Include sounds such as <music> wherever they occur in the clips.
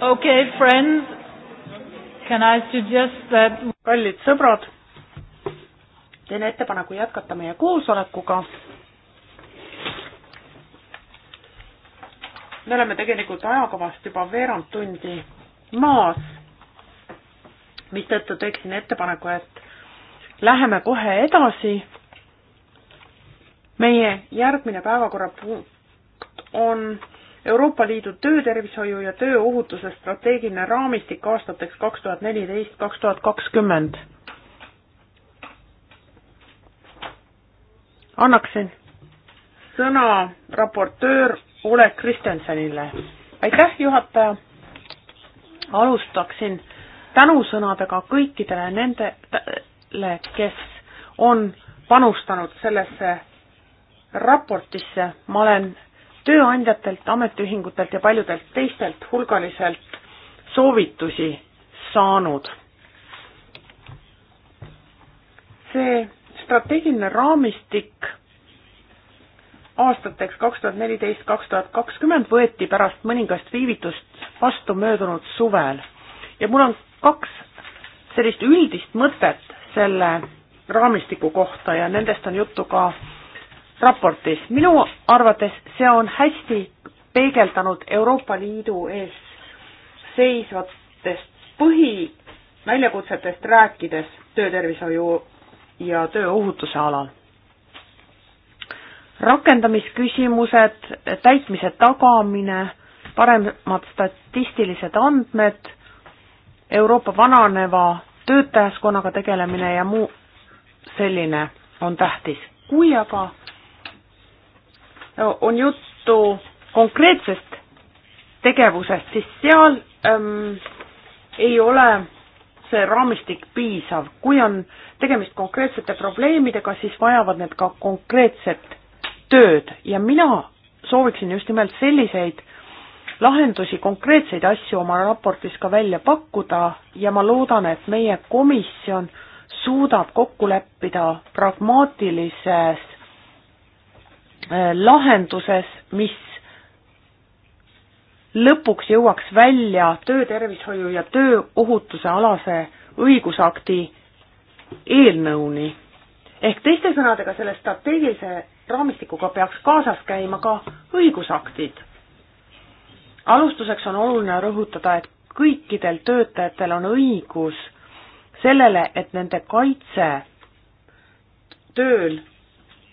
okay, friends, can I suggest that... kallid sõbrad, teen ettepaneku jätkata meie koosolekuga. me oleme tegelikult ajakavast juba veerand tundi maas, mistõttu teeksin ettepaneku, et läheme kohe edasi. meie järgmine päevakorrapunkt on Euroopa Liidu töötervishoiu ja tööohutuse strateegiline raamistik aastateks kaks tuhat neliteist, kaks tuhat kakskümmend. annaksin sõna raportöör Ole Kristjansonile. aitäh, juhataja. alustaksin tänusõnadega kõikidele nendele, kes on panustanud sellesse raportisse, ma olen tööandjatelt, ametiühingutelt ja paljudelt teistelt hulgaliselt soovitusi saanud. see strateegiline raamistik aastateks kaks tuhat neliteist, kaks tuhat kakskümmend võeti pärast mõningast viivitust vastu möödunud suvel ja mul on kaks sellist üldist mõtet selle raamistiku kohta ja nendest on juttu ka raportis. minu arvates see on hästi peegeldanud Euroopa Liidu ees seisvatest põhiväljakutsetest rääkides töötervishoiu ja tööohutuse alal. rakendamisküsimused, täitmise tagamine, paremad statistilised andmed, Euroopa vananeva töötajaskonnaga tegelemine ja muu selline on tähtis. kui aga on juttu konkreetsest tegevusest, siis seal ähm, ei ole see raamistik piisav, kui on tegemist konkreetsete probleemidega, siis vajavad need ka konkreetset tööd ja mina sooviksin just nimelt selliseid lahendusi, konkreetseid asju oma raportis ka välja pakkuda ja ma loodan, et meie komisjon suudab kokku leppida pragmaatilises Äh, lahenduses, mis lõpuks jõuaks välja töötervishoiu ja tööohutuse alase õigusakti eelnõuni. ehk teiste sõnadega, selle strateegilise raamistikuga peaks kaasas käima ka õigusaktid. alustuseks on oluline rõhutada, et kõikidel töötajatel on õigus sellele, et nende kaitse tööl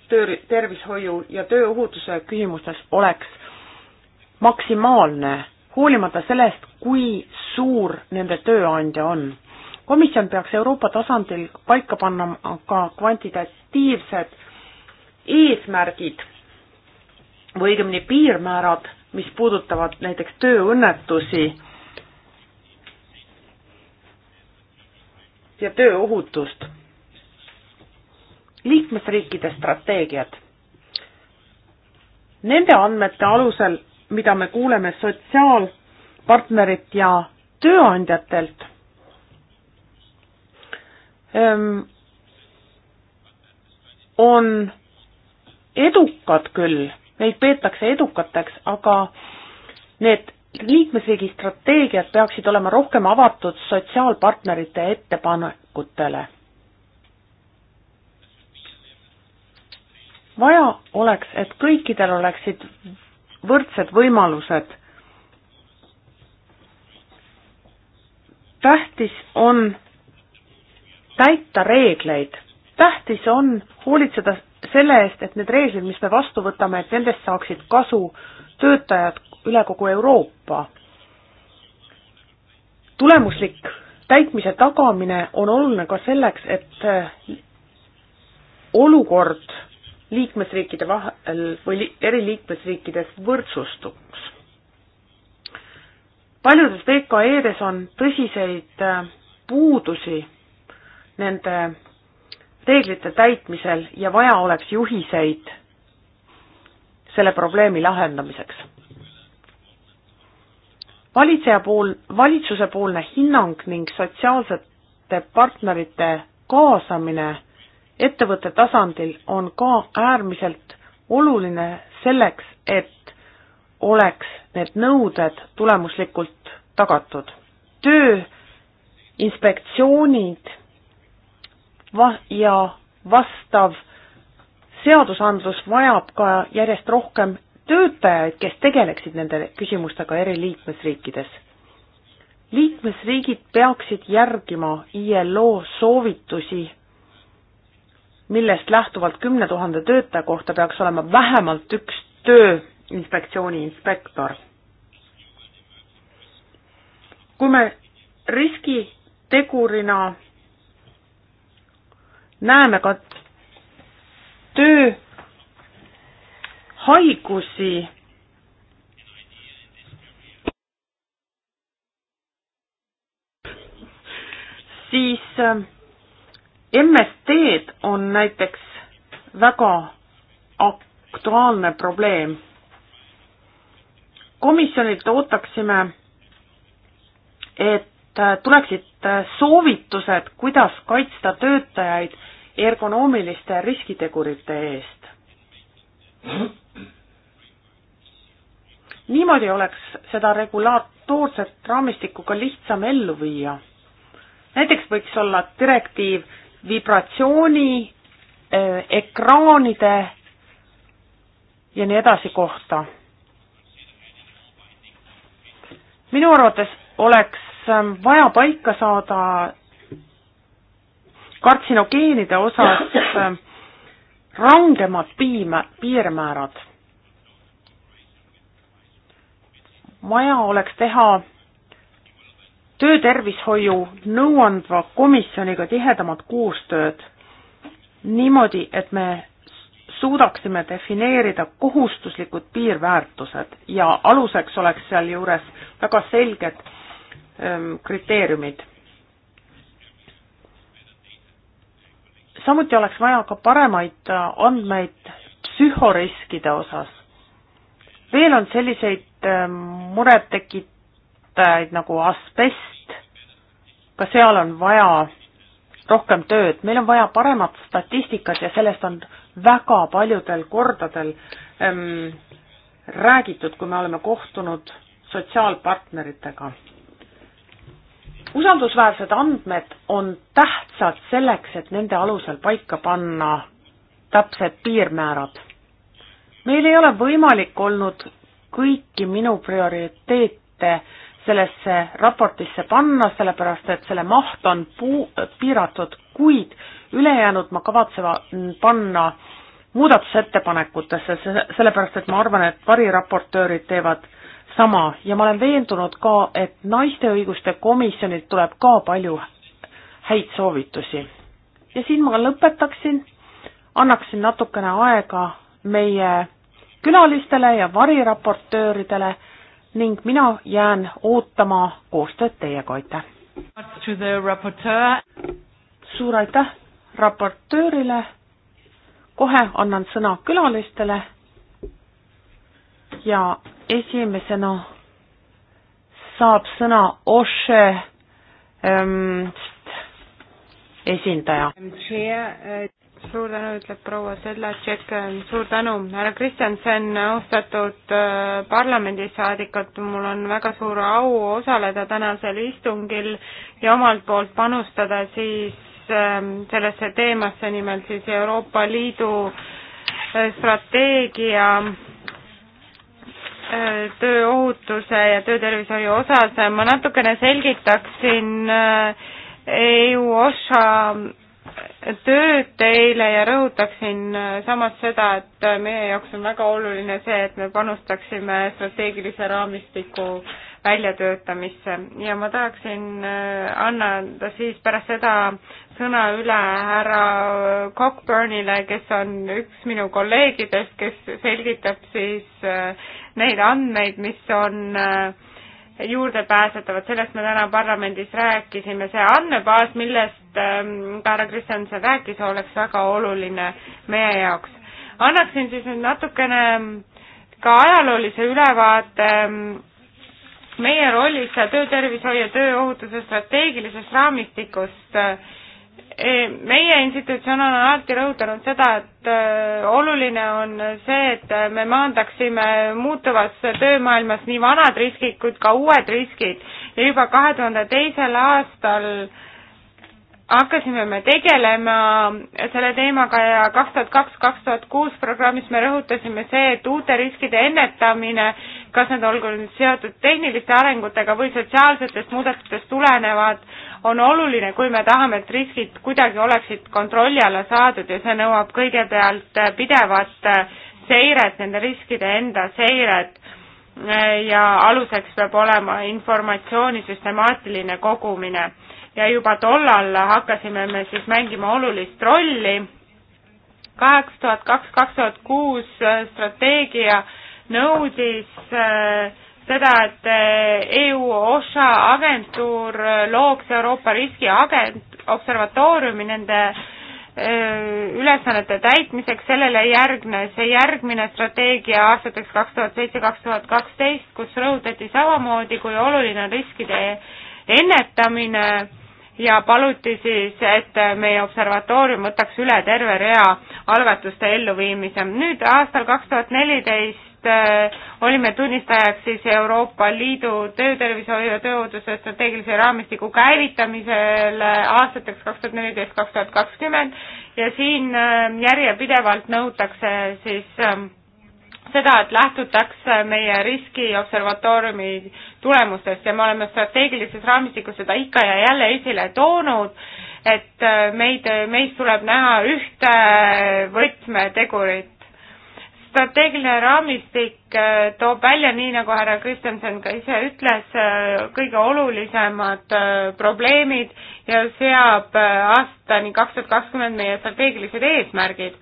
töö, tervishoiu ja tööohutuse küsimustes oleks maksimaalne, hoolimata sellest, kui suur nende tööandja on. komisjon peaks Euroopa tasandil paika panna ka kvantitatiivsed eesmärgid või õigemini piirmäärad, mis puudutavad näiteks tööõnnetusi ja tööohutust liikmesriikide strateegiad. Nende andmete alusel, mida me kuuleme sotsiaalpartnerit ja tööandjatelt, ehm, on edukad küll, neid peetakse edukateks, aga need liikmesriigi strateegiad peaksid olema rohkem avatud sotsiaalpartnerite ettepanekutele vaja oleks, et kõikidel oleksid võrdsed võimalused. tähtis on täita reegleid, tähtis on hoolitseda selle eest, et need reeglid, mis me vastu võtame, et nendest saaksid kasu töötajad üle kogu Euroopa. tulemuslik täitmise tagamine on oluline ka selleks, et olukord liikmesriikide vahel või li eri liikmesriikides võrdsustuks. paljudes VKE-des on tõsiseid äh, puudusi nende reeglite täitmisel ja vaja oleks juhiseid selle probleemi lahendamiseks. valitseja pool, valitsusepoolne hinnang ning sotsiaalsete partnerite kaasamine ettevõtte tasandil on ka äärmiselt oluline selleks, et oleks need nõuded tulemuslikult tagatud. tööinspektsioonid va-, ja vastav seadusandlus vajab ka järjest rohkem töötajaid, kes tegeleksid nende küsimustega eri liikmesriikides. liikmesriigid peaksid järgima ILO soovitusi millest lähtuvalt kümne tuhande töötaja kohta peaks olema vähemalt üks tööinspektsiooni inspektor. kui me riskitegurina näeme ka tööhaigusi, siis äh, MSD-d on näiteks väga aktuaalne probleem. komisjonilt ootaksime, et äh, tuleksid äh, soovitused, kuidas kaitsta töötajaid ergonoomiliste riskitegurite eest. niimoodi oleks seda regulatoorset raamistikku ka lihtsam ellu viia. näiteks võiks olla direktiiv vibratsiooni eh, ekraanide ja nii edasi kohta. minu arvates oleks ähm, vaja paika saada kartsinogeenide osas ähm, rangemad piima, piirmäärad. vaja oleks teha töötervishoiu nõuandva komisjoniga tihedamat koostööd niimoodi, et me suudaksime defineerida kohustuslikud piirväärtused ja aluseks oleks sealjuures väga selged öö, ähm, kriteeriumid. samuti oleks vaja ka paremaid äh, andmeid psühhoriskide osas. veel on selliseid ähm, murettekit-, nähtajaid nagu asbest, ka seal on vaja rohkem tööd, meil on vaja paremat statistikat ja sellest on väga paljudel kordadel ähm, räägitud, kui me oleme kohtunud sotsiaalpartneritega. usaldusväärsed andmed on tähtsad selleks, et nende alusel paika panna täpsed piirmäärad. meil ei ole võimalik olnud kõiki minu prioriteete äh, sellesse raportisse panna, sellepärast et selle maht on puu-, piiratud, kuid ülejäänud ma kavatsen panna muudatusettepanekutesse, sellepärast et ma arvan, et variraportöörid teevad sama ja ma olen veendunud ka, et naiste õiguste komisjonilt tuleb ka palju häid soovitusi. ja siin ma lõpetaksin, annaksin natukene aega meie külalistele ja variraportööridele ning mina jään ootama koostööd teiega, aitäh! suur aitäh raportöörile, kohe annan sõna külalistele ja esimesena saab sõna Oše ähm, esindaja. Ähm, äh, suur tänu, ütleb proua Sedlatšek, suur tänu, härra Kristjansen, austatud äh, parlamendisaadikud, mul on väga suur au osaleda tänasel istungil ja omalt poolt panustada siis ähm, sellesse teemasse, nimelt siis Euroopa Liidu äh, strateegia äh, tööohutuse ja töötervishoiu osas, ma natukene selgitaksin EU OSHA tööd teile ja rõhutaksin äh, samas seda, et äh, meie jaoks on väga oluline see, et me panustaksime strateegilise raamistiku väljatöötamisse ja ma tahaksin äh, anda siis pärast seda sõna üle härra Cockburnile, kes on üks minu kolleegidest, kes selgitab siis neid andmeid, mis on juurdepääsetavad, sellest me täna parlamendis rääkisime, see andmebaas, millest millest ähm, ka härra Kristjanson rääkis, oleks väga oluline meie jaoks. annaksin siis nüüd natukene ka ajaloolise ülevaate ähm, meie rollist ja töötervishoiu ja tööohutuse strateegilisest raamistikust. meie institutsioon on alati rõhutanud seda, et äh, oluline on see, et me maandaksime muutuvas töömaailmas nii vanad riskid kui ka uued riskid ja juba kahe tuhande teisel aastal äh, hakkasime me tegelema selle teemaga ja kaks tuhat kaks, kaks tuhat kuus programmis me rõhutasime see, et uute riskide ennetamine, kas need olgu nüüd seotud tehniliste arengutega või sotsiaalsetest muudatustest tulenevad, on oluline, kui me tahame, et riskid kuidagi oleksid kontrolli alla saadud ja see nõuab kõigepealt pidevat seiret, nende riskide enda seiret ja aluseks peab olema informatsiooni süstemaatiline kogumine ja juba tollal hakkasime me siis mängima olulist rolli. kaheksa tuhat kaks, kaks tuhat kuus äh, strateegia nõudis äh, seda, et äh, EU OSHA agentuur looks Euroopa riskiagent, observatooriumi nende ülesannete täitmiseks, sellele järgnes järgmine strateegia aastateks kaks tuhat seitse, kaks tuhat kaksteist, kus rõhutati samamoodi, kui oluline on riskide ennetamine ja paluti siis, et meie observatoorium võtaks üle terve rea algatuste elluviimise. nüüd aastal kaks tuhat neliteist äh, olime tunnistajaks siis Euroopa Liidu töötervishoiu ja tööohutuse strateegilise raamistiku käivitamisele aastateks kaks tuhat neliteist, kaks tuhat kakskümmend ja siin äh, järjepidevalt nõutakse siis ähm, seda, et lähtutakse meie riskiobservatooriumi tulemustest ja me oleme strateegilises raamistikus seda ikka ja jälle esile toonud, et äh, meid, meist tuleb näha ühte võtmetegurit. strateegiline raamistik äh, toob välja, nii nagu härra Kristjanson ka ise ütles, äh, kõige olulisemad probleemid ja seab aastani kaks tuhat kakskümmend meie strateegilised eesmärgid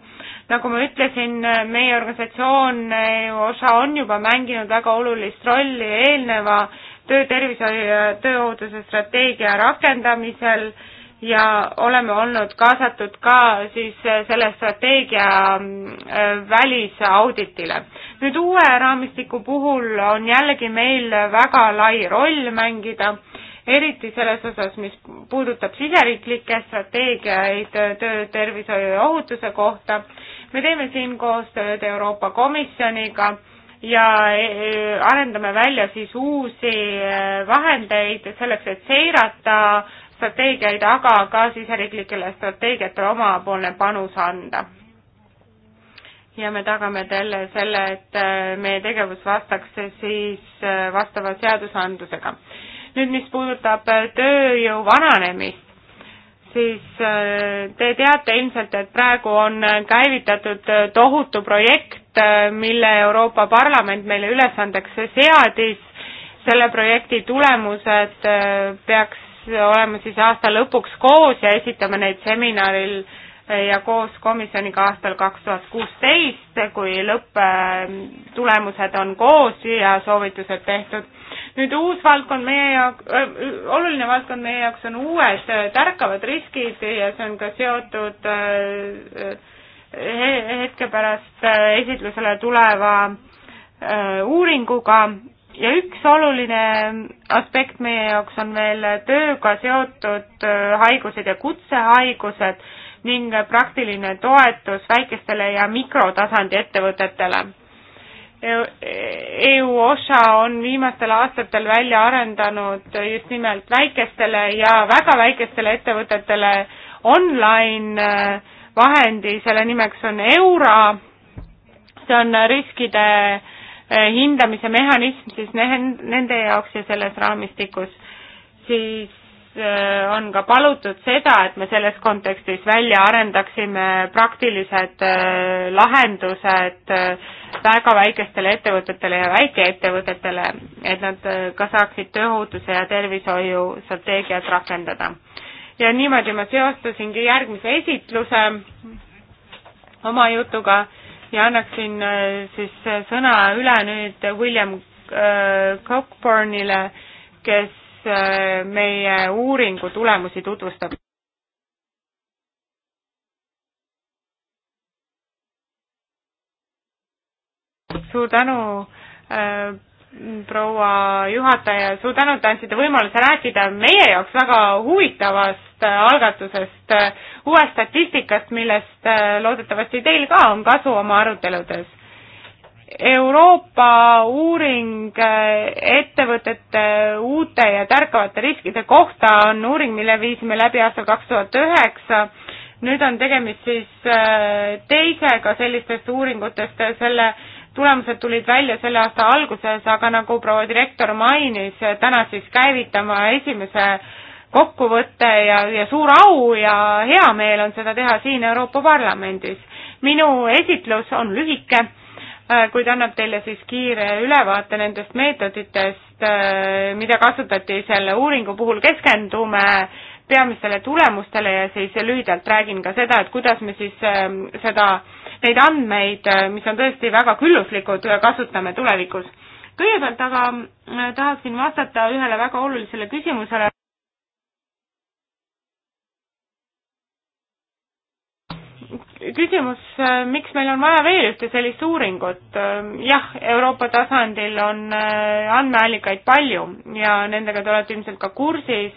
nagu ma ütlesin, meie organisatsioon eh, osa on juba mänginud väga olulist rolli eelneva töötervishoiu ja tööohutuse strateegia rakendamisel ja oleme olnud kaasatud ka siis eh, selle strateegia eh, välisauditile. nüüd uue raamistiku puhul on jällegi meil väga lai roll mängida eriti selles osas, mis puudutab siseriiklikke strateegiaid töötervishoiu ja ohutuse kohta. me teeme siin koostööd Euroopa Komisjoniga ja e, e, arendame välja siis uusi e, vahendeid selleks, et seirata strateegiaid, aga ka siseriiklikele strateegiatele omapoolne panus anda ja me tagame talle selle, et meie tegevus vastaks siis vastava seadusandlusega nüüd, mis puudutab äh, tööjõu vananemist, siis äh, te teate ilmselt, et praegu on äh, käivitatud tohutu projekt, mille Euroopa Parlament meile ülesandeks seadis. selle projekti tulemused peaks olema siis aasta lõpuks koos ja esitame neid seminaril ja koos komisjoniga aastal kaks tuhat kuusteist, kui lõpptulemused on koos ja soovitused tehtud nüüd uus valdkond meie jaoks, äh, oluline valdkond meie jaoks on uued äh, tärkavad riskid ja see on ka seotud äh, hetke pärast esitlusele tuleva uuringuga ja üks oluline aspekt meie jaoks on veel tööga seotud haigused ja kutsehaigused ning praktiline toetus väikestele ja mikrotasandi ettevõtetele EU e osa on viimastel aastatel välja arendanud just nimelt väikestele ja väga väikestele ettevõtetele online äh, vahendi, selle nimeks on EURA, see on riskide äh, hindamise mehhanism siis nende jaoks ja selles raamistikus siis Äh, on ka palutud seda, et me selles kontekstis välja arendaksime praktilised äh, lahendused äh, väga väikestele ettevõtetele ja väikeettevõtetele, et nad ka saaksid tööohutuse ja tervishoiu strateegiat rakendada. ja niimoodi ma seostasingi järgmise esitluse oma jutuga ja annaksin siis sõna üle nüüd William Cockburnile, kes Äh, meie uuringu tulemusi tutvustab. suur tänu äh, proua juhataja, suur tänu, et andsite võimaluse rääkida meie jaoks väga huvitavast äh, algatusest, äh, uuest statistikast, millest loodetavasti teil ka on kasu oma aruteludes. Euroopa uuring eh, ettevõtete uute ja tärkavate riskide kohta on uuring, mille viisime läbi aastal kaks tuhat üheksa. nüüd on tegemist siis eh, teisega sellistest uuringutest, selle tulemused tulid välja selle aasta alguses, aga nagu proua direktor mainis, täna siis käivitama esimese kokkuvõtte ja, ja suur au ja hea meel on seda teha siin Euroopa Parlamendis. minu esitlus on lühike Äh, kuid annab teile siis kiire ülevaate nendest meetoditest, äh, mida kasutati selle uuringu puhul, keskendume peamistele tulemustele ja siis lühidalt räägin ka seda, et kuidas me siis ähm, seda, neid andmeid, äh, mis on tõesti väga külluslikud, kasutame tulevikus. kõigepealt aga tahaksin vastata ühele väga olulisele küsimusele. küsimus, äh, miks meil on vaja veel ühte sellist uuringut? Äh, jah, Euroopa tasandil on äh, andmeallikaid palju ja nendega te olete ilmselt ka kursis.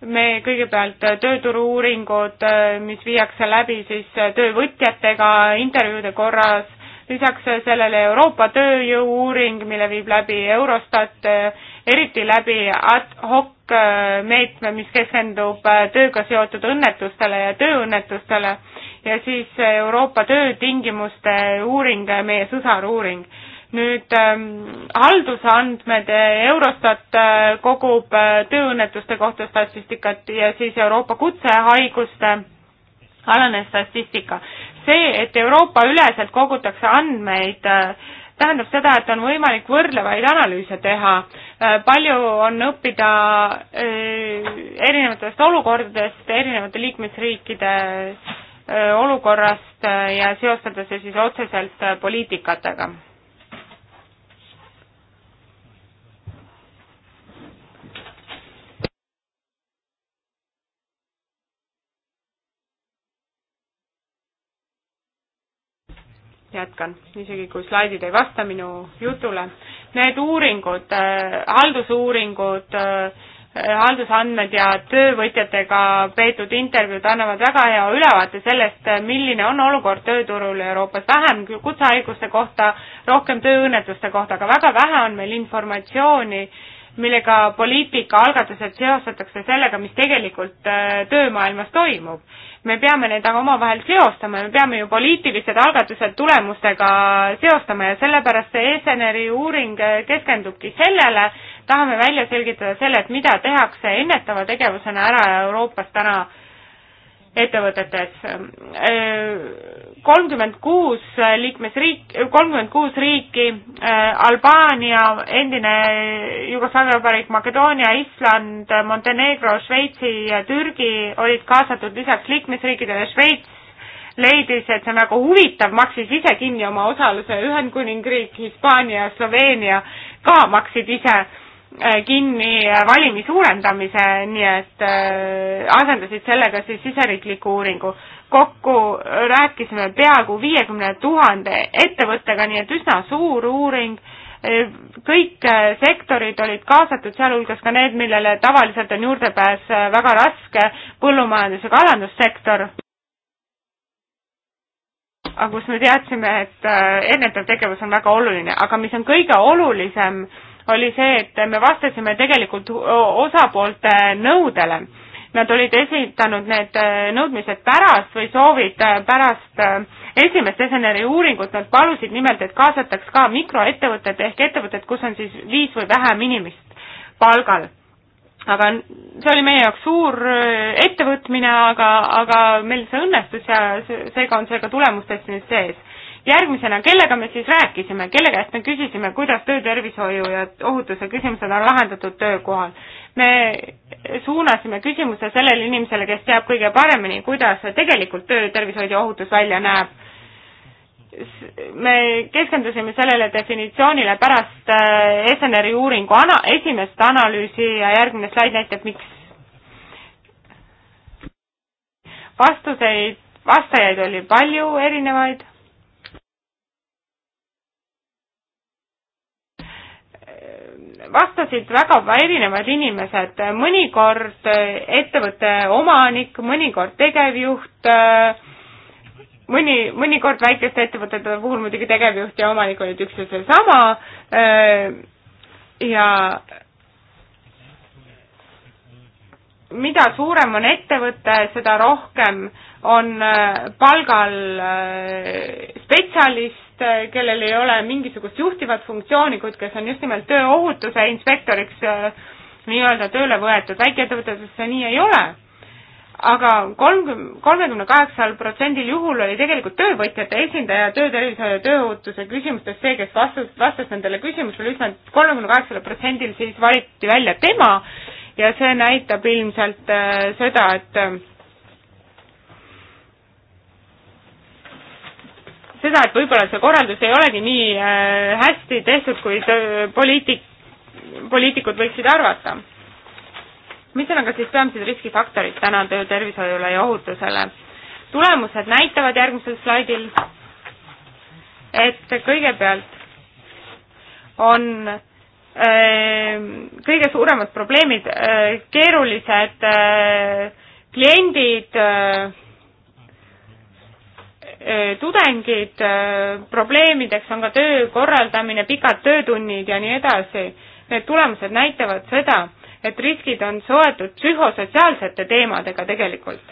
me kõigepealt tööturu-uuringud, mis viiakse läbi siis töövõtjatega intervjuude korras, lisaks sellele Euroopa tööjõu-uuring, mille viib läbi Eurostat, eriti läbi ad hoc meetme, mis keskendub tööga seotud õnnetustele ja tööõnnetustele ja siis äh, Euroopa töötingimuste uuring, äh, meie sõsaruuring. nüüd ähm, haldusandmed, äh, Eurostat äh, kogub äh, tööõnnetuste kohta statistikat ja siis Euroopa kutsehaiguste alane statistika. see, et Euroopa üleselt kogutakse andmeid äh, tähendab seda, et on võimalik võrdlevaid analüüse teha, palju on õppida erinevatest olukordadest erinevate liikmesriikide Äh, olukorrast äh, ja seostada see siis otseselt äh, poliitikatega. jätkan, isegi kui slaidid ei vasta minu jutule. Need uuringud, haldusuuringud äh,, haldusandmed ja töövõtjatega peetud intervjuud annavad väga hea ülevaate sellest, milline on olukord tööturul Euroopas, vähem kutsehaiguste kohta, rohkem tööõnnetuste kohta, aga väga vähe on meil informatsiooni äh, millega poliitikaalgatused seostatakse sellega, mis tegelikult äh, töömaailmas toimub. me peame need aga omavahel seostama ja me peame ju poliitilised algatused tulemustega seostama ja sellepärast see Eseneri uuring äh, keskendubki sellele, tahame välja selgitada selle, et mida tehakse ennetava tegevusena ära Euroopas täna ettevõtetes. Äh, kolmkümmend kuus liikmesriik, kolmkümmend kuus riiki, äh, Albaania, endine Jugoslaavia Vabariik, Makedoonia, Island, Montenegro, Šveitsi ja Türgi olid kaasatud lisaks liikmesriikidele, Šveits leidis, et see on väga huvitav, maksis ise kinni oma osaluse, Ühendkuningriik, Hispaania, Sloveenia ka maksid ise Äh, kinni valimi suurendamise, nii et äh, asendasid sellega siis siseriikliku uuringu. kokku rääkisime peaaegu viiekümne tuhande ettevõttega, nii et üsna suur uuring, äh, kõik sektorid olid kaasatud, sealhulgas ka need, millele tavaliselt on juurdepääs väga raske, põllumajandus- ja kalandussektor aga kus me teadsime, et ennetav tegevus on väga oluline, aga mis on kõige olulisem äh, oli see, et me vastasime tegelikult osapoolte nõudele. Nad olid esitanud need äh, nõudmised pärast või soovid äh, pärast äh, esimest Eseneri uuringut, nad palusid nimelt, et kaasataks ka mikroettevõtted ehk ettevõtted, kus on siis viis või vähem inimest palgal aga see oli meie jaoks suur ettevõtmine, aga, aga meil see õnnestus ja seega on see ka tulemustes nüüd sees järgmisena, kellega me siis rääkisime, kelle käest me küsisime, kuidas töötervishoiu ja ohutuse küsimused on lahendatud töökohal? me suunasime küsimuse sellele inimesele, kes teab kõige paremini, kuidas tegelikult töötervishoid ja ohutus välja näeb. me keskendusime sellele definitsioonile pärast Esseneri äh, uuringu ana-, esimest analüüsi ja järgmine slaid näitab, miks. vastuseid, vastajaid oli palju erinevaid vastasid väga erinevad inimesed, mõnikord ettevõtte omanik, mõnikord tegevjuht, mõni, mõnikord väikeste ettevõtete puhul muidugi tegevjuht ja omanik olid üks ja seesama ja mida suurem on ettevõte, seda rohkem on palgal spetsialist, inimest, äh, kellel ei ole mingisugust juhtivat funktsiooni, kuid kes on just nimelt tööohutuse inspektoriks äh, nii-öelda tööle võetud, väikeettevõtetes see nii ei ole aga kolmkümmend, kolmekümne kaheksal protsendil juhul oli tegelikult töövõtjate esindaja töötervishoiu ja tööohutuse küsimustes see, kes vastas, vastas nendele küsimustele, üsna kolmekümne kaheksal protsendil siis valiti välja tema ja see näitab ilmselt äh, seda, et seda, et võib-olla see korraldus ei olegi nii äh, hästi tehtud, kui äh, poliitik, poliitikud võiksid arvata. mis on aga siis peamised riskifaktorid täna töötervishoiule ja ohutusele? tulemused näitavad järgmisel slaidil, et kõigepealt on äh, kõige suuremad probleemid keerulised kliendid, Eh, tudengid, eh, probleemideks on ka töö korraldamine, pikad töötunnid ja nii edasi. Need tulemused näitavad seda, et riskid on soetud psühhosotsiaalsete teemadega tegelikult.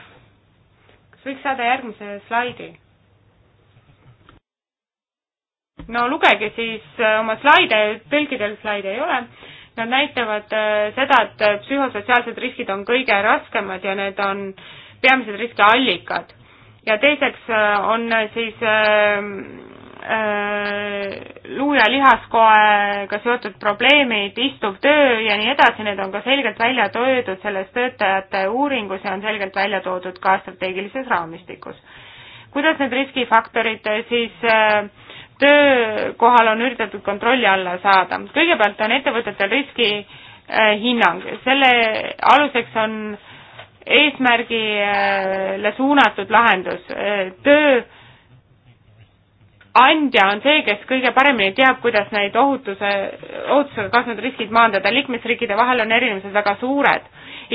kas võiks saada järgmise slaidi? no lugege siis eh, oma slaide, tõlkidel slaide ei ole. Nad näitavad seda, et psühhosotsiaalsed riskid on kõige raskemad ja need on peamised riskiallikad ja teiseks äh, on äh, siis äh, luu- ja lihaskoega seotud probleemid, istuv töö ja nii edasi, need on ka selgelt välja toodud selles töötajate uuringus ja on selgelt välja toodud ka strateegilises raamistikus. kuidas need riskifaktorid siis töökohal on üritatud kontrolli alla saada? kõigepealt on ettevõtetel riskihinnang, selle aluseks on eesmärgile suunatud lahendus. tööandja on see, kes kõige paremini teab, kuidas neid ohutuse, ohutusega kaasnevad riskid maandada, liikmesriikide vahel on erinevused väga suured.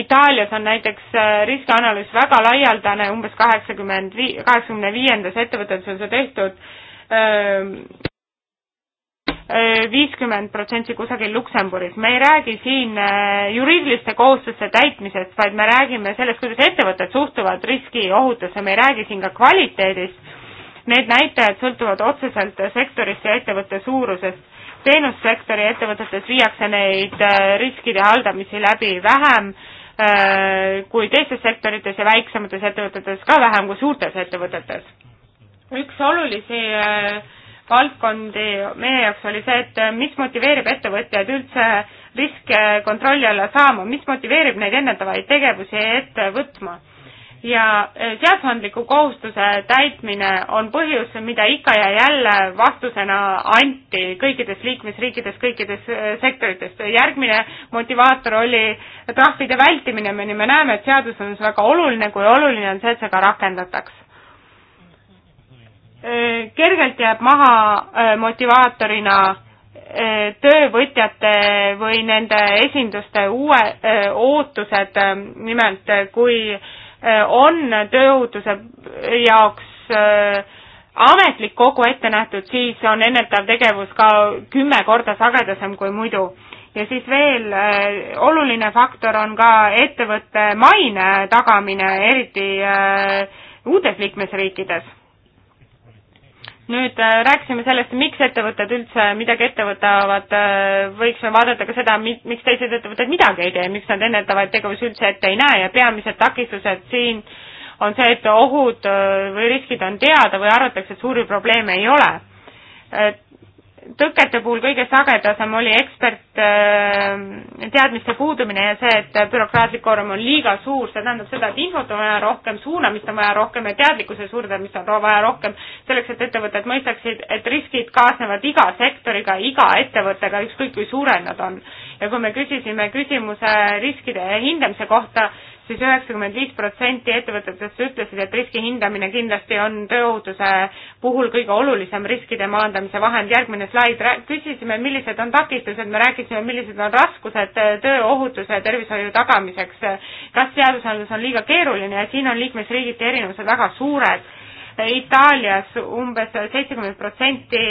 Itaalias on näiteks äh, riskianalüüs väga laialdane, umbes kaheksakümmend vii-, kaheksakümne viiendas ettevõttes on see tehtud, viiskümmend protsenti kusagil Luksemburgis. me ei räägi siin äh, juriidiliste kohustuste täitmisest, vaid me räägime sellest, kuidas ettevõtted suhtuvad riskiohutusse, me ei räägi siin ka kvaliteedist. Need näitajad sõltuvad otseselt sektorist ja ettevõtte suurusest. teenussektori ettevõtetes viiakse neid äh, riskide haldamisi läbi vähem äh, kui teistes sektorites ja väiksemates ettevõtetes ka vähem kui suurtes ettevõtetes. üks olulisi äh, valdkondi meie jaoks oli see, et äh, mis motiveerib ettevõtjaid üldse riske kontrolli alla saama, mis motiveerib neid ennetavaid tegevusi ette võtma. ja äh, seadusandliku kohustuse täitmine on põhjus, mida ikka ja jälle vastusena anti kõikides liikmesriikides, kõikides äh, sektorites. järgmine motivaator oli trahvide vältimine, me näeme, et seadus on väga oluline, kui oluline on see, et see ka rakendataks kergelt jääb maha äh, motivaatorina äh, töövõtjate või nende esinduste uue äh, ootused, nimelt kui on tööohutuse jaoks ametlik kogu ette nähtud, siis on ennetav tegevus ka kümme korda sagedasem kui muidu. ja siis veel oluline faktor on ka ettevõtte maine tagamine, eriti uutes liikmesriikides nüüd äh, rääkisime sellest, miks ettevõtted üldse midagi ette võtavad, äh, võiksime vaadata ka seda, miks teised ettevõtted midagi ei tee, miks nad ennetavaid tegevusi üldse ette ei näe ja peamised takistused siin on see, et ohud äh, või riskid on teada või arvatakse, et suuri probleeme ei ole tõkete puhul kõige sagedasem oli ekspert äh, teadmiste puudumine ja see, et bürokraatlik koorem on liiga suur, see tähendab seda, et infot on vaja rohkem, suunamist on vaja rohkem ja teadlikkuse suurendamist on vaja rohkem, selleks, et ettevõtted mõistaksid, et riskid kaasnevad iga sektoriga, iga ettevõttega, ükskõik kui suured nad on. ja kui me küsisime küsimuse riskide hindamise kohta, siis üheksakümmend viis protsenti ettevõtetest ütlesid, et riski hindamine kindlasti on tööohutuse puhul kõige olulisem riskide maandamise vahend. järgmine slaid, küsisime, millised on takistused, me rääkisime, millised on raskused tööohutuse ja tervishoiu tagamiseks. kas seadusandlus on liiga keeruline ja siin on liikmesriigiti erinevused väga suured Itaalias umbes seitsekümmend protsenti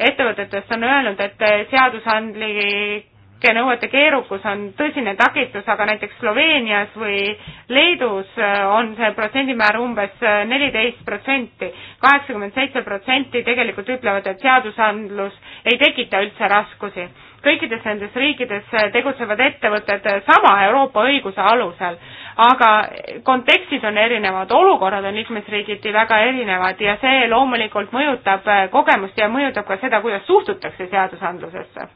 ettevõtetest on öelnud, et seadusandlik nõuete keerukus on tõsine takistus, aga näiteks Sloveenias või Leedus äh, on see protsendimäär umbes äh, neliteist protsenti. kaheksakümmend seitse protsenti tegelikult ütlevad, et seadusandlus ei tekita üldse raskusi. kõikides nendes riikides äh, tegutsevad ettevõtted sama Euroopa õiguse alusel, aga kontekstis on erinevad, olukorrad on liikmesriigiti väga erinevad ja see loomulikult mõjutab kogemust ja mõjutab ka seda, kuidas suhtutakse seadusandlusesse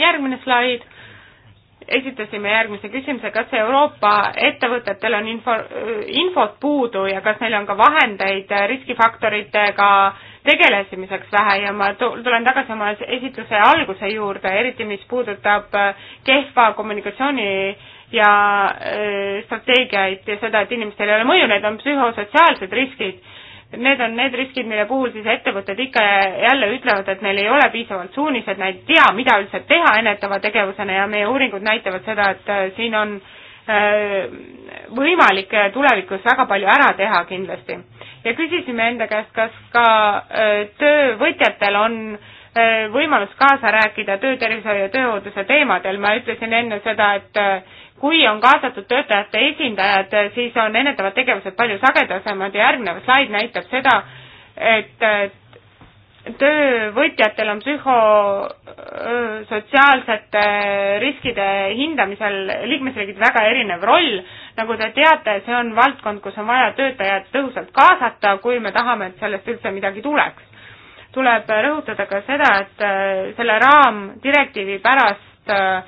järgmine slaid, esitasime järgmise küsimuse, kas Euroopa ettevõtetel on info, infot puudu ja kas neil on ka vahendeid riskifaktoritega tegelemiseks vähe ja ma tulen tagasi oma esitluse alguse juurde, eriti mis puudutab äh, kehva kommunikatsiooni ja äh, strateegiaid ja seda, et inimestel ei ole mõju, need on psühhosotsiaalsed riskid need on need riskid, mille puhul siis ettevõtted ikka ja jälle ütlevad, et neil ei ole piisavalt suunised, nad ei tea, mida üldse teha ennetava tegevusena ja meie uuringud näitavad seda, et äh, siin on äh, võimalik äh, tulevikus väga palju ära teha kindlasti. ja küsisime enda käest, kas ka töövõtjatel on võimalus kaasa rääkida töötervishoiu ja tööohutuse teemadel, ma ütlesin enne seda, et kui on kaasatud töötajate esindajad, siis on ennetavad tegevused palju sagedasemad ja järgnev slaid näitab seda, et töövõtjatel on psühhosotsiaalsete riskide hindamisel liikmesriigid väga erinev roll. nagu te teate, see on valdkond, kus on vaja töötajad tõhusalt kaasata, kui me tahame, et sellest üldse midagi tuleks. tuleb rõhutada ka seda, et äh, selle raamdirektiivi pärast äh,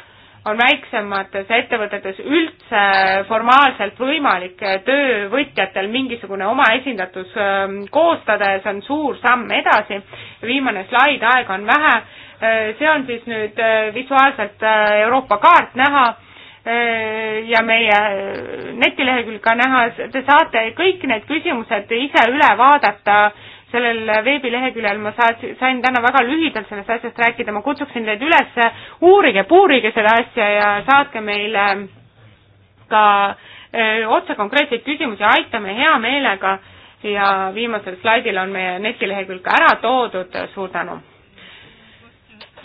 on väiksemates ettevõtetes üldse formaalselt võimalik töövõtjatel mingisugune oma esindatus ähm, koostada ja see on suur samm edasi. viimane slaid, aega on vähe. Äh, see on siis nüüd äh, visuaalselt äh, Euroopa kaart näha ja meie netilehekülg ka näha, te saate kõik need küsimused ise üle vaadata sellel veebileheküljel ma saatsin, sain täna väga lühidalt sellest asjast rääkida, ma kutsuksin teid üles, uurige, puurige seda asja ja saatke meile ka öö, eh, otse konkreetseid küsimusi, aitame hea meelega ja viimasel slaidil on meie netilehekülg ka ära toodud, suur tänu!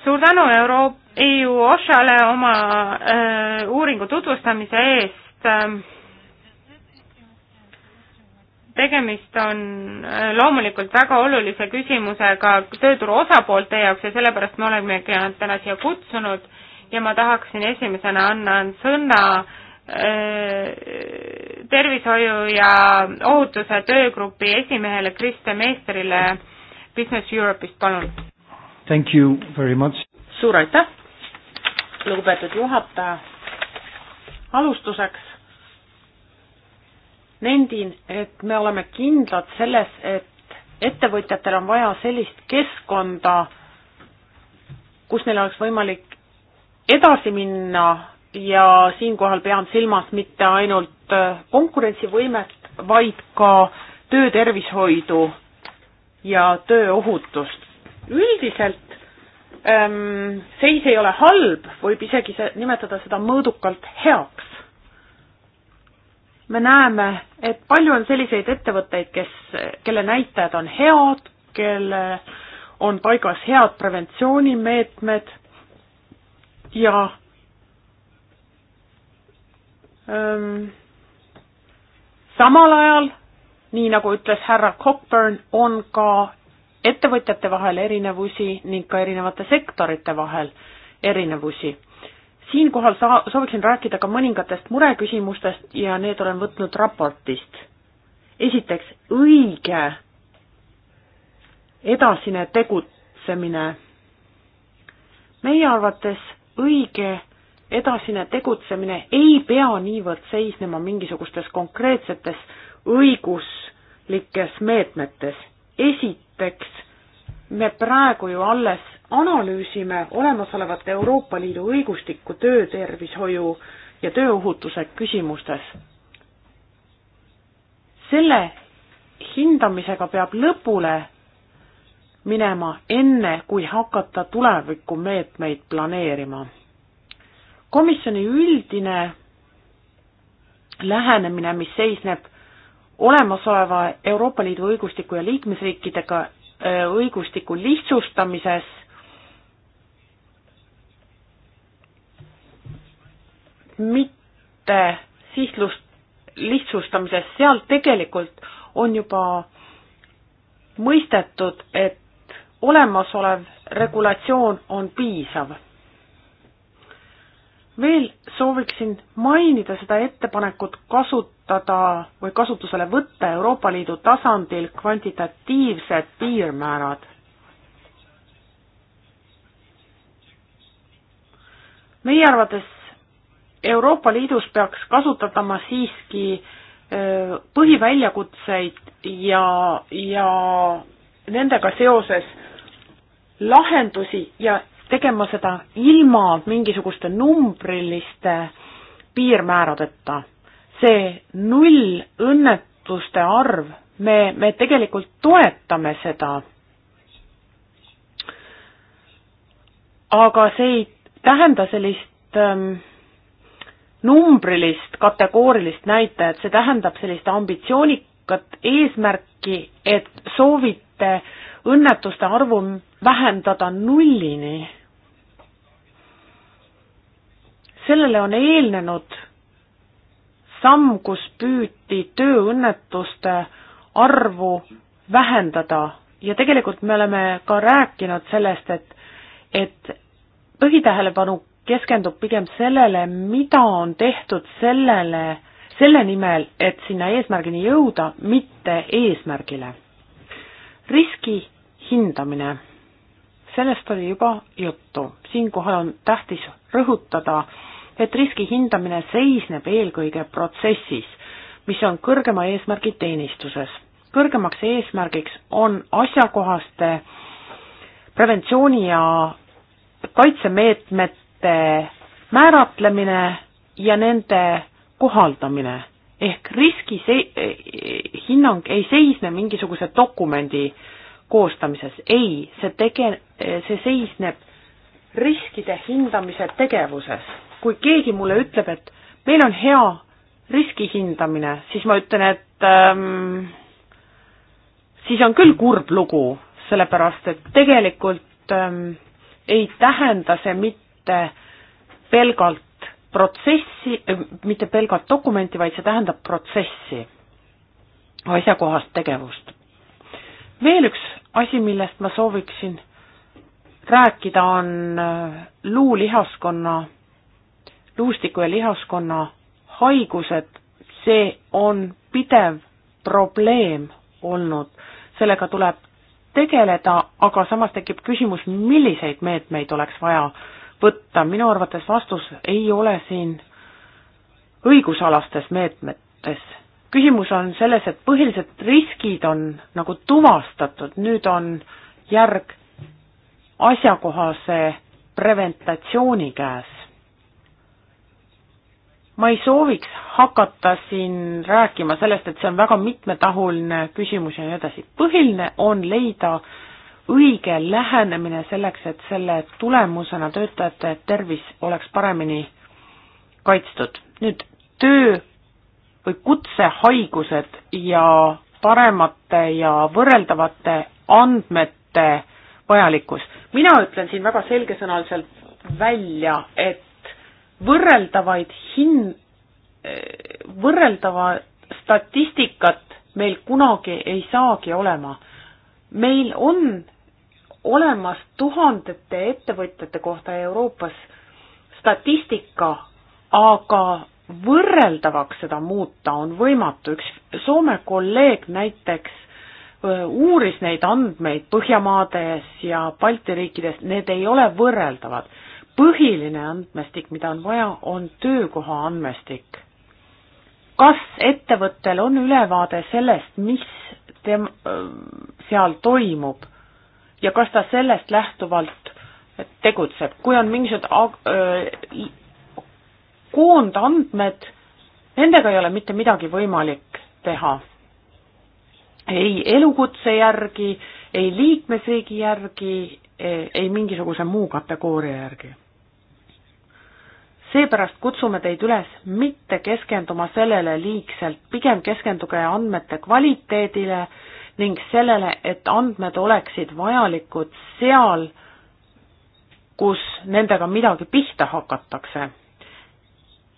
suur tänu Euro-, EU OSHA-le oma öö, eh, uuringu tutvustamise eest öö, tegemist on äh, loomulikult väga olulise küsimusega tööturu osapoolte jaoks ja sellepärast me olemegi nad täna siia kutsunud ja ma tahaksin esimesena anda sõna äh, tervishoiu ja ohutuse töögrupi esimehele Kriste Meesterile Business Europe'ist, palun. Thank you very much. suur aitäh, lugupeetud juhataja. alustuseks nendin, et me oleme kindlad selles, et ettevõtjatel on vaja sellist keskkonda, kus neil oleks võimalik edasi minna ja siinkohal pean silmas mitte ainult äh, konkurentsivõimet, vaid ka töötervishoidu ja tööohutust. üldiselt ähm, seis ei ole halb, võib isegi see, nimetada seda mõõdukalt heaks me näeme, et palju on selliseid ettevõtteid, kes, kelle näitajad on head, kelle on paigas head preventsioonimeetmed ja ähm, samal ajal, nii nagu ütles härra Cockburn, on ka ettevõtjate vahel erinevusi ning ka erinevate sektorite vahel erinevusi siinkohal saa-, sooviksin rääkida ka mõningatest mureküsimustest ja need olen võtnud raportist. esiteks, õige edasine tegutsemine. meie arvates õige edasine tegutsemine ei pea niivõrd seisnema mingisugustes konkreetsetes õiguslikes meetmetes. esiteks, me praegu ju alles analüüsime olemasolevat Euroopa Liidu õigustikku töötervishoiu ja tööohutuse küsimustes. selle hindamisega peab lõpule minema enne, kui hakata tulevikumeetmeid planeerima. komisjoni üldine lähenemine, mis seisneb olemasoleva Euroopa Liidu õigustiku ja liikmesriikidega äh, õigustiku lihtsustamises mitte sihtlust, lihtsustamises, seal tegelikult on juba mõistetud, et olemasolev regulatsioon on piisav. veel sooviksin mainida seda ettepanekut kasutada või kasutusele võtta Euroopa Liidu tasandil kvantitatiivsed piirmäärad. meie arvates Euroopa Liidus peaks kasutatama siiski põhiväljakutseid ja, ja nendega seoses lahendusi ja tegema seda ilma mingisuguste numbriliste piirmääradeta. see null õnnetuste arv, me, me tegelikult toetame seda. aga see ei tähenda sellist ähm, numbrilist kategoorilist näitajat, see tähendab sellist ambitsioonikat eesmärki, et soovite õnnetuste arvu vähendada nullini. sellele on eelnenud samm, kus püüti tööõnnetuste arvu vähendada ja tegelikult me oleme ka rääkinud sellest, et, et põhitähelepanu keskendub pigem sellele, mida on tehtud sellele, selle nimel, et sinna eesmärgini jõuda, mitte eesmärgile. riski hindamine, sellest oli juba juttu, siinkohal on tähtis rõhutada, et riski hindamine seisneb eelkõige protsessis, mis on kõrgema eesmärgi teenistuses. kõrgemaks eesmärgiks on asjakohaste preventsiooni ja kaitsemeetmete riskide määratlemine ja nende kohaldamine ehk riski se-, hinnang ei seisne mingisuguse dokumendi koostamises, ei, see tege-, see seisneb riskide hindamise tegevuses. kui keegi mulle ütleb, et meil on hea riski hindamine, siis ma ütlen, et ähm, siis on küll kurb lugu, sellepärast et tegelikult ähm, ei tähenda see mitte mitte pelgalt protsessi, mitte pelgalt dokumenti, vaid see tähendab protsessi, asjakohast tegevust. veel üks asi, millest ma sooviksin rääkida, on äh, luulihaskonna, luustiku ja lihaskonna haigused, see on pidev probleem olnud, sellega tuleb tegeleda, aga samas tekib küsimus, milliseid meetmeid oleks vaja äh, võtta, minu arvates vastus ei ole siin õigusalastes meetmetes. küsimus on selles, et põhilised riskid on nagu tuvastatud, nüüd on järg asjakohase preventatsiooni käes. ma ei sooviks hakata siin rääkima sellest, et see on väga mitmetahuline küsimus ja nii edasi, põhiline on leida äh, õige lähenemine selleks, et selle tulemusena töötajate tervis oleks paremini kaitstud. nüüd töö või kutsehaigused ja paremate ja võrreldavate andmete vajalikkus. mina ütlen siin väga selgesõnaliselt välja, et võrreldavaid hin-, võrreldava statistikat meil kunagi ei saagi olema. meil on olemas tuhandete ettevõtjate kohta Euroopas statistika, aga võrreldavaks seda muuta on võimatu, üks Soome kolleeg näiteks uuris neid andmeid Põhjamaades ja Balti riikides, need ei ole võrreldavad. põhiline andmestik, mida on vaja, on töökoha andmestik. kas ettevõttel on ülevaade sellest, mis tem-, seal toimub? ja kas ta sellest lähtuvalt tegutseb, kui on mingisugused koondandmed, nendega ei ole mitte midagi võimalik teha. ei elukutse järgi, ei liikmesriigi järgi, e-, ei mingisuguse muu kategooria järgi. seepärast kutsume teid üles mitte keskenduma sellele liigselt, pigem keskenduge andmete kvaliteedile ning sellele, et andmed oleksid vajalikud seal, kus nendega midagi pihta hakatakse.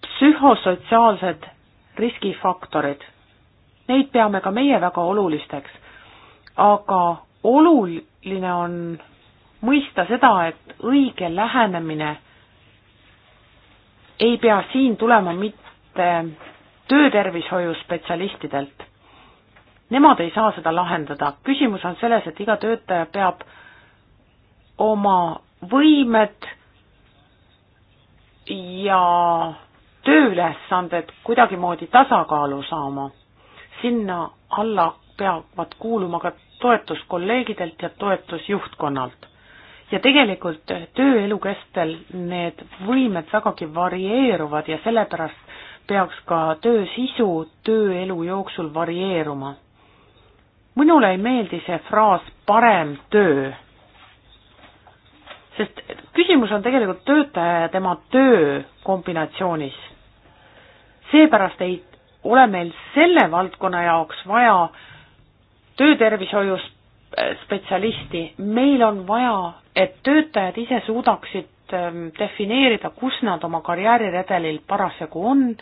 psühhosotsiaalsed riskifaktorid, neid peame ka meie väga olulisteks, aga oluline on mõista seda, et õige lähenemine ei pea siin tulema mitte töötervishoiuspetsialistidelt, nemad ei saa seda lahendada, küsimus on selles, et iga töötaja peab oma võimed ja tööülesanded kuidagimoodi tasakaalu saama. sinna alla peavad kuuluma ka toetus kolleegidelt ja toetus juhtkonnalt. ja tegelikult tööelu kestel need võimed vägagi varieeruvad ja sellepärast peaks ka töö sisu tööelu jooksul varieeruma minule ei meeldi see fraas parem töö, sest küsimus on tegelikult töötaja ja tema töö kombinatsioonis. seepärast ei ole meil selle valdkonna jaoks vaja töötervishoius äh, spetsialisti, meil on vaja, et töötajad ise suudaksid ähm, defineerida, kus nad oma karjääriredelil parasjagu on,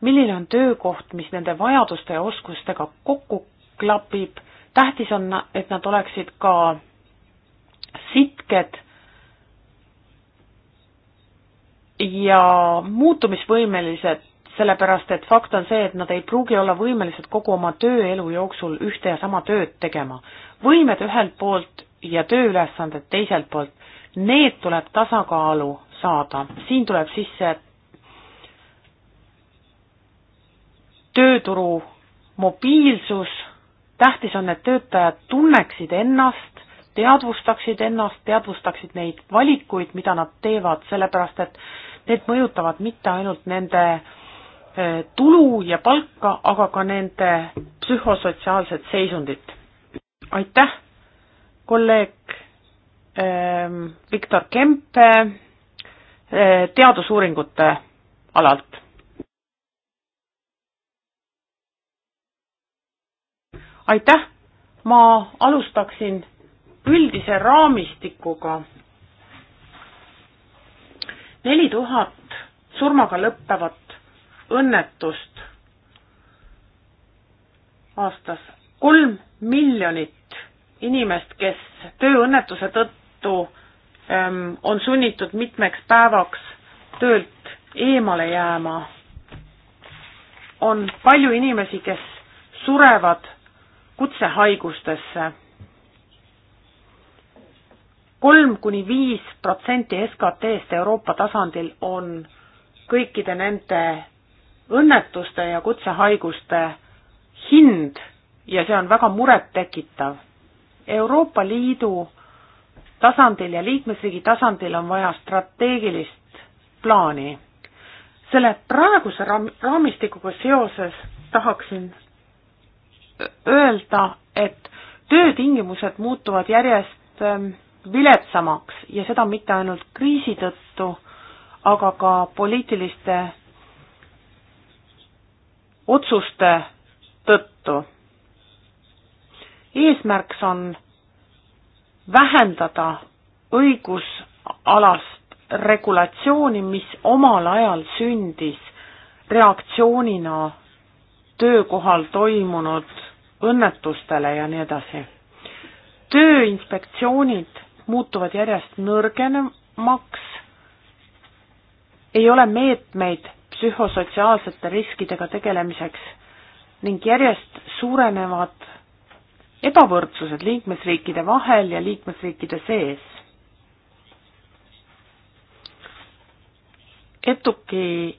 milline on töökoht, mis nende vajaduste ja oskustega kokku klapib, tähtis on, et nad oleksid ka sitked ja muutumisvõimelised, sellepärast et fakt on see, et nad ei pruugi olla võimelised kogu oma tööelu jooksul ühte ja sama tööd tegema. võimed ühelt poolt ja tööülesanded teiselt poolt, need tuleb tasakaalu saada, siin tuleb sisse tööturu mobiilsus tähtis on, et töötajad tunneksid ennast, teadvustaksid ennast, teadvustaksid neid valikuid, mida nad teevad, sellepärast et need mõjutavad mitte ainult nende eh, tulu ja palka, aga ka nende psühhosotsiaalset seisundit. aitäh, kolleeg ehm, Viktor Kempe eh, teadusuuringute alalt aitäh, ma alustaksin üldise raamistikuga. neli tuhat surmaga lõppevat õnnetust aastas, kolm miljonit inimest, kes tööõnnetuse tõttu ähm, on sunnitud mitmeks päevaks töölt eemale jääma. on palju inimesi, kes surevad kutsehaigustesse. kolm kuni viis protsenti SKT-st Euroopa tasandil on kõikide nende õnnetuste ja kutsehaiguste hind ja see on väga murettekitav. Euroopa Liidu tasandil ja liikmesriigi tasandil on vaja strateegilist plaani. selle praeguse raam-, raamistikuga seoses tahaksin öelda, et töötingimused muutuvad järjest ähm, viletsamaks ja seda mitte ainult kriisi tõttu, aga ka poliitiliste otsuste tõttu. eesmärks on vähendada õigusalast regulatsiooni, mis omal ajal sündis reaktsioonina töökohal toimunud õnnetustele ja nii edasi. tööinspektsioonid muutuvad järjest nõrgemaks, ei ole meetmeid psühhosotsiaalsete riskidega tegelemiseks ning järjest suurenevad ebavõrdsused liikmesriikide vahel ja liikmesriikide sees. ETUK-i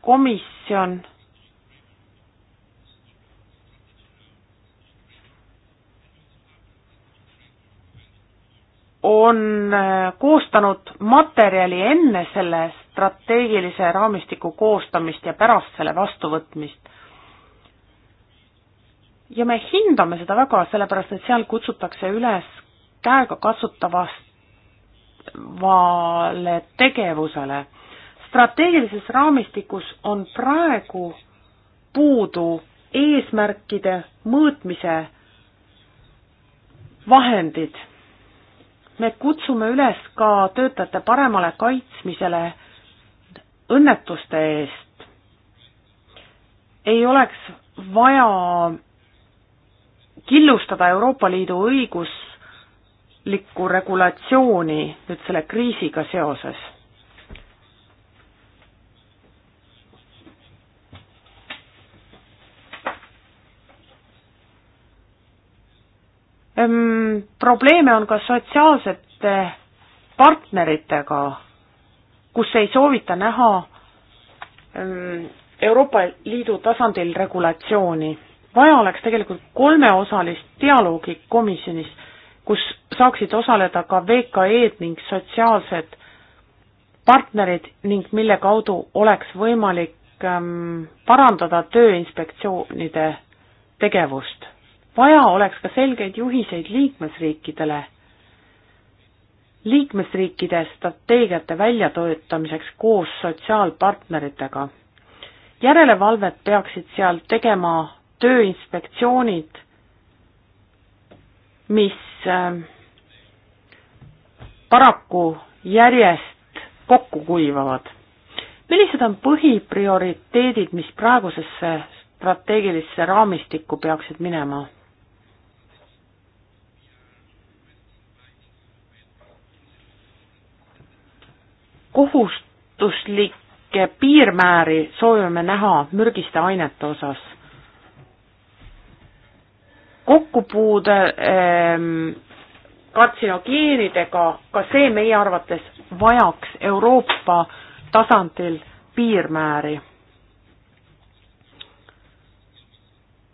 komisjon on äh, koostanud materjali enne selle strateegilise raamistiku koostamist ja pärast selle vastuvõtmist. ja me hindame seda väga, sellepärast et seal kutsutakse üles käega kasutavale tegevusele. strateegilises raamistikus on praegu puudu eesmärkide mõõtmise vahendid me kutsume üles ka töötajate paremale kaitsmisele õnnetuste eest. ei oleks vaja killustada Euroopa Liidu õiguslikku regulatsiooni nüüd selle kriisiga seoses probleeme on ka sotsiaalsete partneritega, kus ei soovita näha Euroopa Liidu tasandil regulatsiooni. vaja oleks tegelikult kolmeosalist dialoogi komisjonis, kus saaksid osaleda ka VKE-d ning sotsiaalsed partnerid ning mille kaudu oleks võimalik ähm, parandada tööinspektsioonide tegevust vaja oleks ka selgeid juhiseid liikmesriikidele, liikmesriikide strateegiate väljatöötamiseks koos sotsiaalpartneritega. järelevalvet peaksid seal tegema tööinspektsioonid, mis ähm, paraku järjest kokku kuivavad. millised on põhiprioriteedid, mis praegusesse strateegilisse raamistikku peaksid minema? kohustuslikke piirmääri soovime näha mürgiste ainete osas. kokkupuude ähm, kartsinogeenidega, ka see meie arvates vajaks Euroopa tasandil piirmääri.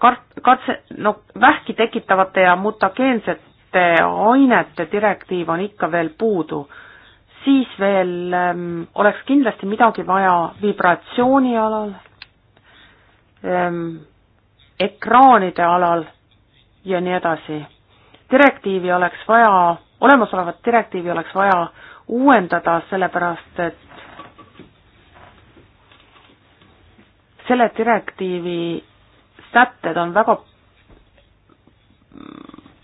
kart-, katse-, no vähki tekitavate ja mutageensete ainete direktiiv on ikka veel puudu siis veel ähm, oleks kindlasti midagi vaja vibratsiooni alal ähm,, ekraanide alal ja nii edasi. direktiivi oleks vaja, olemasolevat direktiivi oleks vaja uuendada, sellepärast et selle direktiivi sätted on väga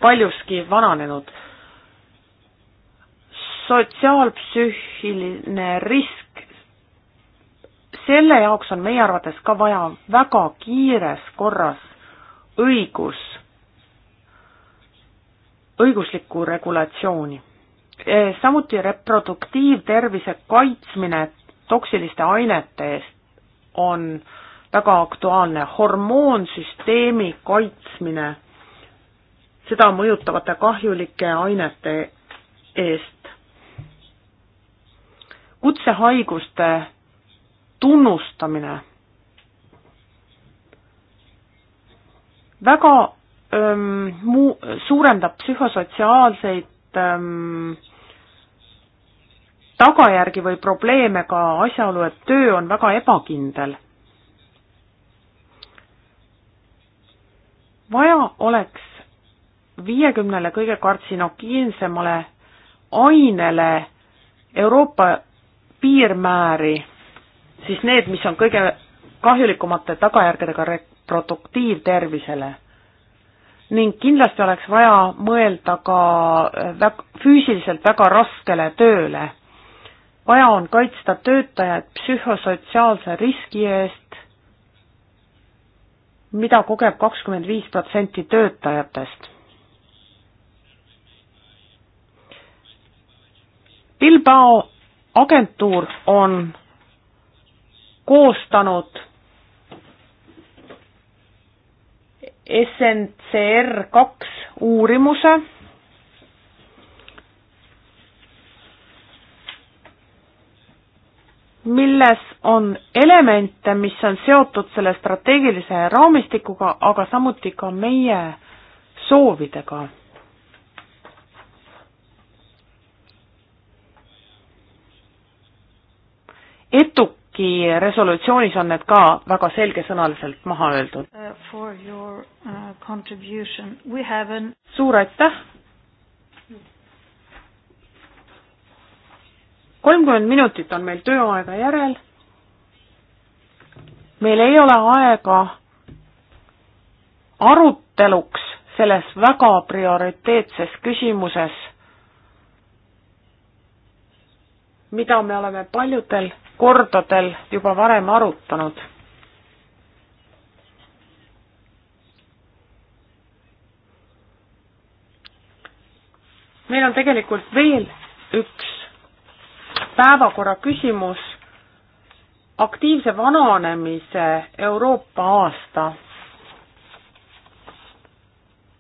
paljuski vananenud sotsiaalpsüühiline risk, selle jaoks on meie arvates ka vaja väga kiires korras õigus, õiguslikku regulatsiooni. E, samuti reproduktiivtervise kaitsmine toksiliste ainete eest on väga aktuaalne, hormoonsüsteemi kaitsmine seda mõjutavate kahjulike ainete eest kutsehaiguste tunnustamine. väga öm, muu, suurendab psühhosotsiaalseid öm, tagajärgi või probleeme ka asjaolu, et töö on väga ebakindel. vaja oleks viiekümnele kõige kartsinogeensemale ainele Euroopa piirmääri, siis need, mis on kõige kahjulikumate tagajärgedega reproduktiivtervisele ning kindlasti oleks vaja mõelda ka väg-, füüsiliselt väga raskele tööle. vaja on kaitsta töötajad psühhosotsiaalse riski eest, mida kogeb kakskümmend viis protsenti töötajatest. Bilbao agentuur on koostanud SNCR kaks uurimuse, milles on elemente, mis on seotud selle strateegilise raamistikuga, aga samuti ka meie soovidega ETUK-i resolutsioonis on need ka väga selgesõnaliselt maha öeldud uh,. uh an... suur aitäh! kolmkümmend minutit on meil tööaega järel. meil ei ole aega aruteluks selles väga prioriteetses küsimuses, mida me oleme paljudel kordadel juba varem arutanud. meil on tegelikult veel üks päevakorra küsimus, aktiivse vananemise Euroopa aasta.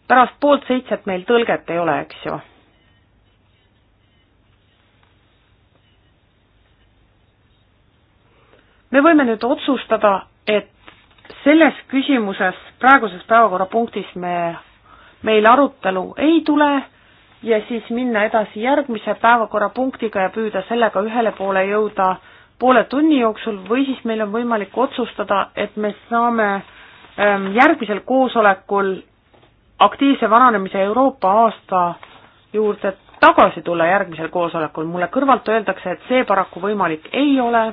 pärast poolt seitset meil tõlget ei ole, eks ju me võime nüüd otsustada, et selles küsimuses, praeguses päevakorrapunktis me, meil arutelu ei tule ja siis minna edasi järgmise päevakorrapunktiga ja püüda sellega ühele poole jõuda poole tunni jooksul või siis meil on võimalik otsustada, et me saame ähm, järgmisel koosolekul aktiivse vananemise Euroopa aasta juurde tagasi tulla järgmisel koosolekul, mulle kõrvalt öeldakse, et see paraku võimalik ei ole.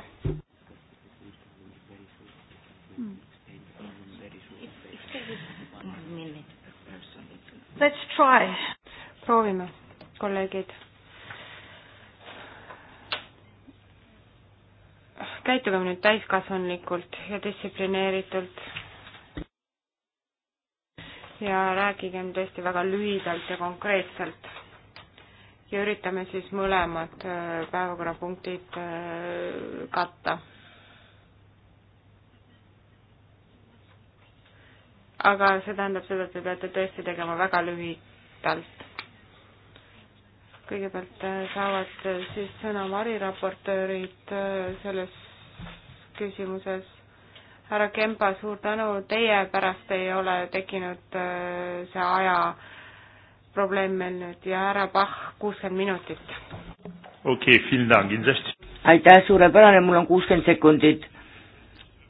Let's try. proovime, kolleegid. käitugem nüüd täiskasvanulikult ja distsiplineeritult. ja rääkigem tõesti väga lühidalt ja konkreetselt. ja üritame siis mõlemad äh, päevakorrapunktid äh, katta aga see tähendab seda, et te peate tõesti tegema väga lühidalt. kõigepealt äh, saavad äh, siis sõna variraportöörid äh, selles küsimuses. härra Kempa, suur tänu, teie pärast ei ole tekkinud see aja probleem meil nüüd ja härra Pahh, kuuskümmend minutit. okei okay,, aitäh, suurepärane, mul on kuuskümmend sekundit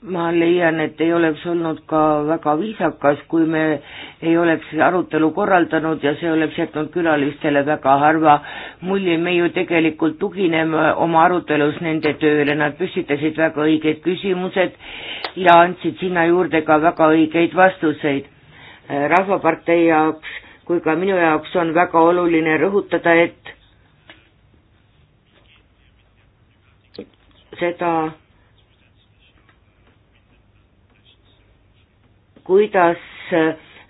ma leian, et ei oleks olnud ka väga viisakas, kui me ei oleks arutelu korraldanud ja see oleks jätnud külalistele väga harva mulje, me ju tegelikult tugineme oma arutelus nende tööle, nad püstitasid väga õiged küsimused ja andsid sinna juurde ka väga õigeid vastuseid. rahvapartei jaoks kui ka minu jaoks on väga oluline rõhutada, et seda kuidas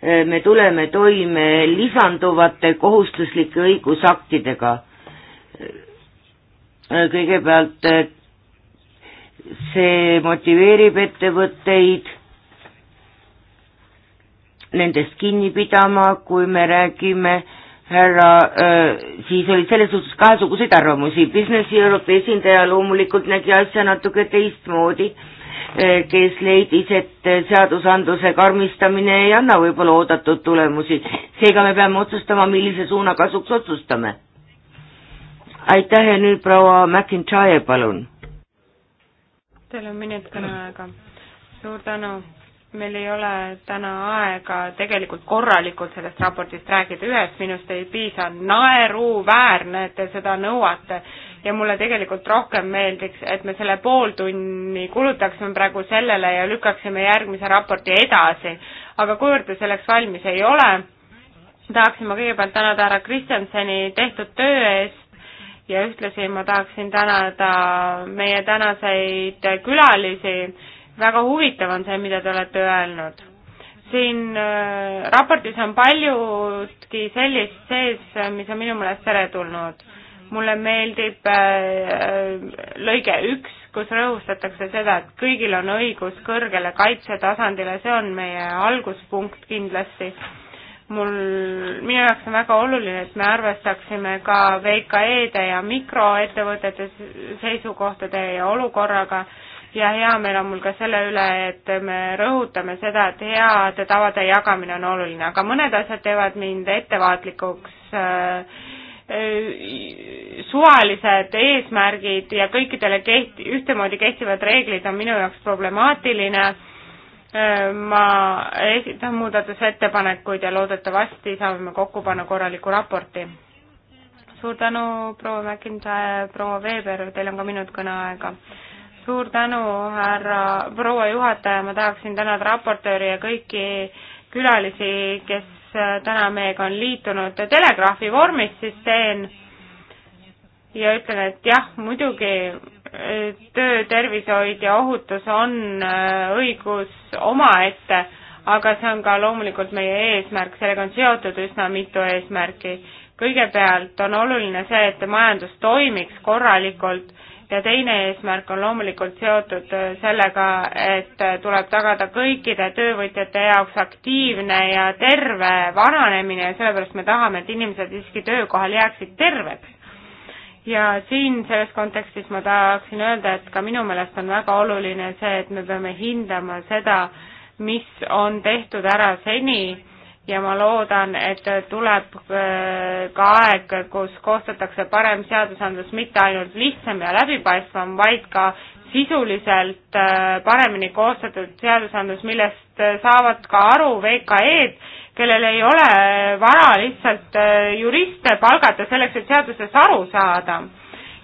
eh, me tuleme toime lisanduvate kohustuslike õigusaktidega. Eh, kõigepealt eh, see motiveerib ettevõtteid nendest kinni pidama, kui me räägime härra, siis oli selles suhtes kahesuguseid arvamusi, Business Europe esindaja loomulikult nägi asja natuke teistmoodi Eh, kes leidis, et eh, seadusandluse karmistamine ei anna võib-olla oodatud tulemusi. seega me peame otsustama, millise suuna kasuks otsustame. aitäh ja nüüd proua McIntyre, palun. Teil on minut kõneaega. suur tänu. meil ei ole täna aega tegelikult korralikult sellest raportist rääkida, ühest minust ei piisa, naeruväärne, et te seda nõuate ja mulle tegelikult rohkem meeldiks, et me selle pool tunni kulutaksime praegu sellele ja lükkaksime järgmise raporti edasi. aga kuivõrd te selleks valmis ei ole, tahaksin ma kõigepealt tänada härra Kristjanseni tehtud töö eest ja ühtlasi ma tahaksin tänada meie tänaseid külalisi, väga huvitav on see, mida te olete öelnud. siin äh, raportis on paljudki sellist sees, mis on minu meelest teretulnud mulle meeldib äh, äh, lõige üks, kus rõhustatakse seda, et kõigil on õigus kõrgele kaitsetasandile, see on meie alguspunkt kindlasti. mul, minu jaoks on väga oluline, et me arvestaksime ka VKE-de ja mikroettevõtete seisukohtade ja olukorraga ja hea meel on mul ka selle üle, et me rõhutame seda, et heade tavade jagamine on oluline, aga mõned asjad teevad mind ettevaatlikuks äh, Äh, suvalised eesmärgid ja kõikidele kehti-, ühtemoodi kehtivad reeglid on minu jaoks problemaatiline. Äh, ma esitan muudatusettepanekuid ja loodetavasti saame me kokku panna korraliku raporti. suur tänu, proua McIntyre, proua Veber, teil on ka minut kõneaega suur tänu, härra proua juhataja, ma tahaksin tänada raportööri ja kõiki külalisi, kes täna meiega on liitunud telegraafi vormis, siis teen ja ütlen, et jah, muidugi töö, tervishoid ja ohutus on äh, õigus omaette, aga see on ka loomulikult meie eesmärk, sellega on seotud üsna mitu eesmärki. kõigepealt on oluline see, et majandus toimiks korralikult ja teine eesmärk on loomulikult seotud äh, sellega, et äh, tuleb tagada kõikide töövõtjate jaoks aktiivne ja terve vananemine ja sellepärast me tahame, et inimesed siiski töökohal jääksid terveks. ja siin selles kontekstis ma tahaksin öelda, et ka minu meelest on väga oluline see, et me peame hindama seda, mis on tehtud ära seni ja ma loodan, et tuleb äh, ka aeg, kus koostatakse parem seadusandlus mitte ainult lihtsam ja läbipaistvam, vaid ka sisuliselt äh, paremini koostatud seadusandlus, millest äh, saavad ka aru VKE-d, kellel ei ole vara lihtsalt juriste palgata selleks, et seadusest aru saada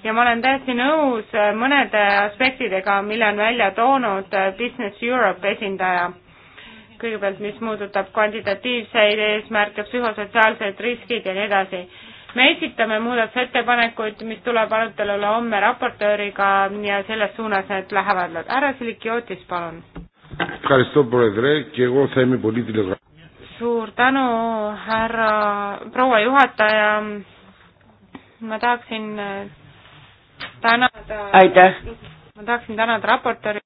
ja ma olen täiesti nõus mõnede aspektidega, mille on välja toonud Business Europe esindaja kõigepealt, mis puudutab kvantitatiivseid eesmärke, psühhosotsiaalsed riskid ja nii edasi. me esitame muudatusettepanekuid, mis tuleb arutelule homme raportööriga ja selles suunas need lähevad. härra Silikiotis, palun. suur tänu, härra, proua juhataja. ma tahaksin äh, tänada. aitäh. ma tahaksin tänada raportööri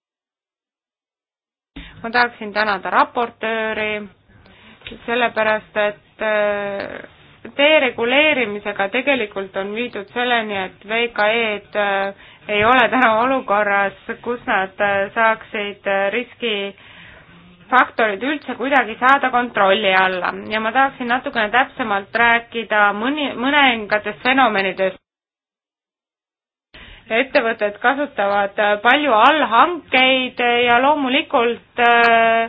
ma tahaksin tänada raportööri, sellepärast et dereguleerimisega äh, tegelikult on viidud selleni, et VKE-d äh, ei ole täna olukorras, kus nad äh, saaksid riski faktorid üldse kuidagi saada kontrolli alla ja ma tahaksin natukene täpsemalt rääkida mõni, mõningatest fenomenidest, ettevõtted kasutavad äh, palju allhankeid ja loomulikult äh,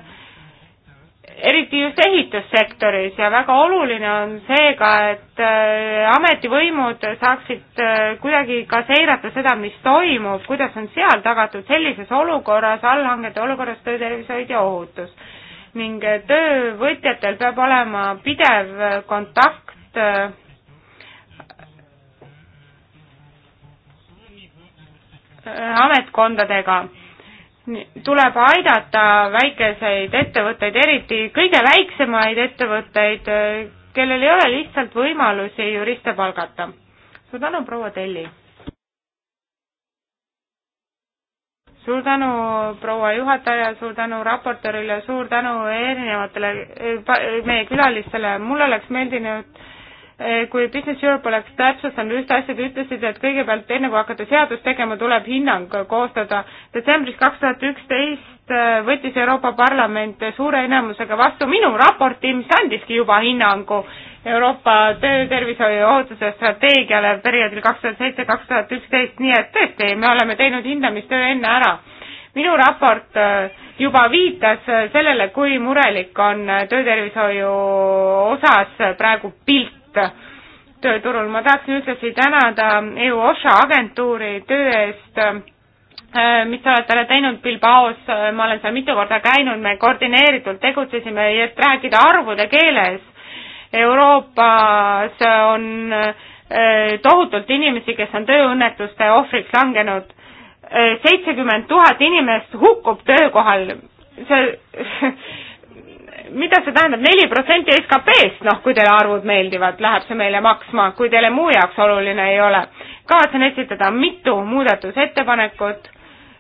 eriti just ehitussektoris ja väga oluline on seega, et äh, ametivõimud saaksid kuidagi ka seirata seda, mis toimub, kuidas on seal tagatud sellises olukorras, allhangete olukorras töötervishoid ja ohutus. ning töövõtjatel peab olema pidev kontakt Äh, ametkondadega. tuleb aidata väikeseid ettevõtteid, eriti kõige väiksemaid ettevõtteid, äh, kellel ei ole lihtsalt võimalusi juriste palgata. suur tänu, proua Telli! suur tänu, proua juhataja, suur tänu raportöörile, suur tänu erinevatele äh, meie külalistele, mul oleks meeldinud Eh, kui Business Europe oleks täpsustanud ühte asja, te ütlesite, et kõigepealt enne kui hakata seadust tegema, tuleb hinnang koostada. detsembris kaks tuhat üksteist eh, võttis Euroopa Parlament suure enamusega vastu minu raporti, mis andiski juba hinnangu Euroopa töötervishoiu ohutuse strateegiale perioodil kaks tuhat seitse, kaks tuhat üksteist, nii et tõesti, me oleme teinud hindamistöö enne ära minu raport eh, juba viitas sellele, kui murelik on töötervishoiu osas praegu pilt koht tööturul. ma tahaksin ühtlasi tänada EU OSHA agentuuri töö eest, äh, mis te olete teinud Bilbaos, ma olen seal mitu korda käinud, me koordineeritult tegutsesime, et rääkida arvude keeles. Euroopas on äh, tohutult inimesi, kes on tööõnnetuste ohvriks langenud. Äh, seitsekümmend tuhat inimest hukkub töökohal, see <laughs> mida see tähendab, neli protsenti SKP-st, noh, kui teile arvud meeldivad, läheb see meile maksma, kui teile muu jaoks oluline ei ole. kavatsen esitada mitu muudatusettepanekut,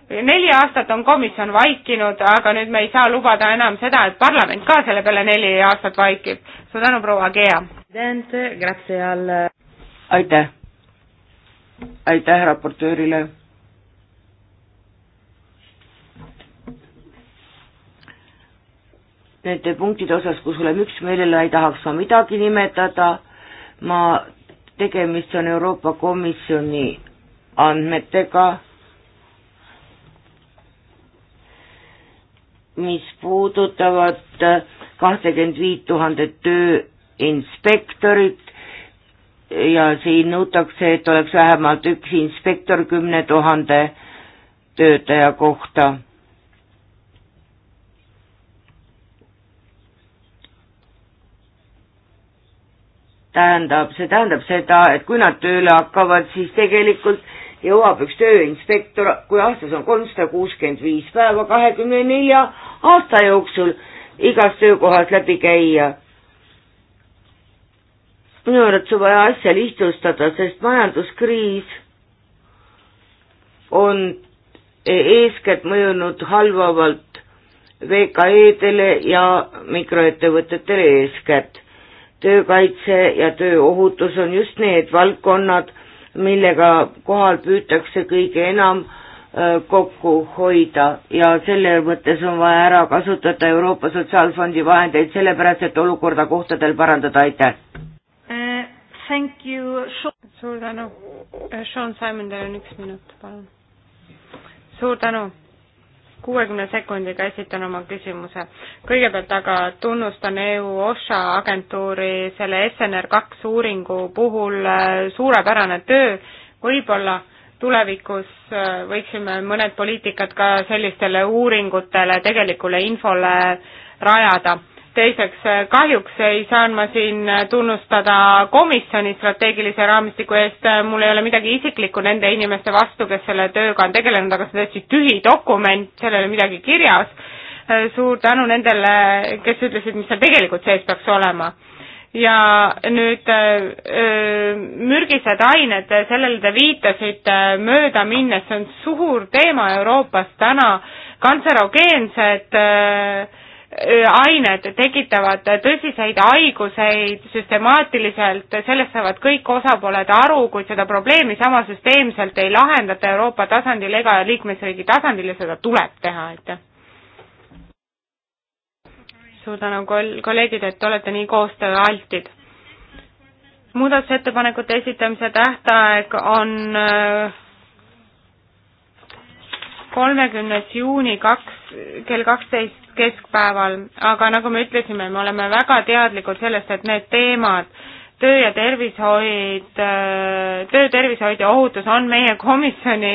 neli aastat on komisjon vaikinud, aga nüüd me ei saa lubada enam seda, et parlament ka selle peale neli aastat vaikib. suur tänu, proua Gea! aitäh! aitäh raportöörile! nende punktide osas, kus oleme üksmeelele, ei tahaks ma midagi nimetada, ma, tegemist on Euroopa Komisjoni andmetega, mis puudutavad kahtekümmend viit tuhandet tööinspektorit ja siin nõutakse, et oleks vähemalt üks inspektor kümne tuhande töötaja kohta tähendab, see tähendab seda, et kui nad tööle hakkavad, siis tegelikult jõuab üks tööinspektor, kui aastas on kolmsada kuuskümmend viis päeva kahekümne nelja aasta jooksul igas töökohas läbi käia. minu arvates on vaja asja lihtsustada, sest majanduskriis on eeskätt mõjunud halvavalt VKE-dele ja mikroettevõtetele eeskätt töökaitse ja tööohutus on just need valdkonnad, millega kohal püütakse kõige enam kokku hoida ja selle mõttes on vaja ära kasutada Euroopa Sotsiaalfondi vahendeid, sellepärast et olukorda kohtadel parandada, aitäh uh,! Thank you, suur tänu, äh, Sean Simon, teil on üks minut, palun. suur tänu kuuekümne sekundiga esitan oma küsimuse. kõigepealt aga tunnustan EU OSHA agentuuri selle SNR kaks uuringu puhul äh, suurepärane töö, võib-olla tulevikus äh, võiksime mõned poliitikad ka sellistele uuringutele, tegelikule infole rajada teiseks, äh, kahjuks ei saan ma siin äh, tunnustada komisjoni strateegilise raamistiku eest, äh, mul ei ole midagi isiklikku nende inimeste vastu, kes selle tööga on tegelenud, aga see on täiesti tühi dokument, seal ei ole midagi kirjas. suur tänu nendele, kes ütlesid, mis seal tegelikult sees peaks olema ja nüüd öö, mürgised ained, sellele te viitasite möödaminnes, see on suur teema Euroopas täna, kantserogeensed öö, ained tekitavad tõsiseid haiguseid süstemaatiliselt, sellest saavad kõik osapooled aru, kuid seda probleemi sama süsteemselt ei lahendata Euroopa tasandil ega liikmesriigi tasandil ja seda tuleb teha, aitäh. suur tänu kol-, kolleegid, et olete nii koostööaltid. muudatusettepanekute esitamise tähtaeg on äh, kolmekümnes juuni kaks kell kaksteist keskpäeval, aga nagu me ütlesime, me oleme väga teadlikud sellest, et need teemad, töö ja tervishoid, töötervishoid ja ohutus on meie komisjoni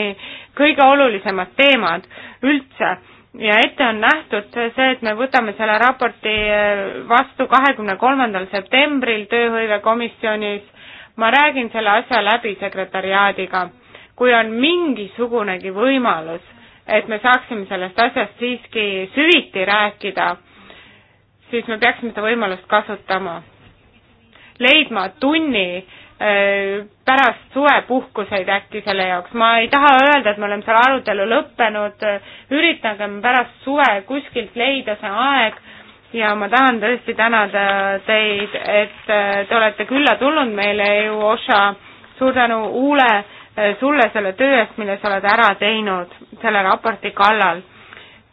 kõige olulisemad teemad üldse ja ette on nähtud see, et me võtame selle raporti vastu kahekümne kolmandal septembril tööhõivekomisjonis. ma räägin selle asja läbi sekretäriaadiga. kui on mingisugunegi võimalus et me saaksime sellest asjast siiski süviti rääkida, siis me peaksime seda võimalust kasutama. leidma tunni äh, pärast suvepuhkuseid äkki selle jaoks, ma ei taha öelda, et me oleme selle arutelu lõppenud, üritagem pärast suve kuskilt leida see aeg ja ma tahan tõesti tänada teid, et äh, te olete külla tulnud meile, EU OSHA, suur tänu, Uule, Äh, sulle selle töö eest, mille sa oled ära teinud selle raporti kallal.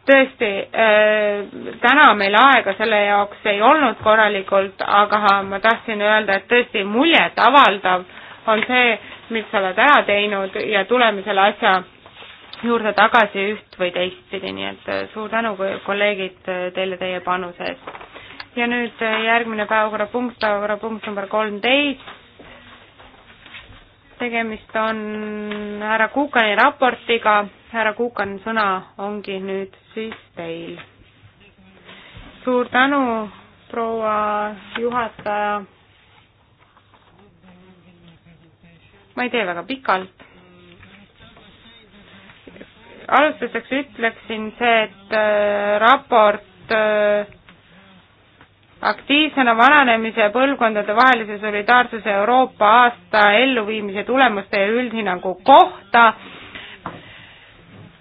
tõesti, äh, täna meil aega selle jaoks ei olnud korralikult, aga ma tahtsin öelda, et tõesti muljetavaldav on see, mis sa oled ära teinud ja tuleme selle asja juurde tagasi üht või teistpidi, nii et äh, suur tänu, kolleegid, teile teie panuse eest. ja nüüd järgmine päevakorrapunkt, päevakorrapunkt number kolmteist, tegemist on härra Kuukani raportiga, härra Kuukan, sõna ongi nüüd siis teil. suur tänu, proua juhataja. ma ei tee väga pikalt. alustuseks ütleksin see, et äh, raport äh, aktiivsena vananemise põlvkondade vahelise solidaarsuse Euroopa aasta elluviimise tulemuste ja üldhinnangu kohta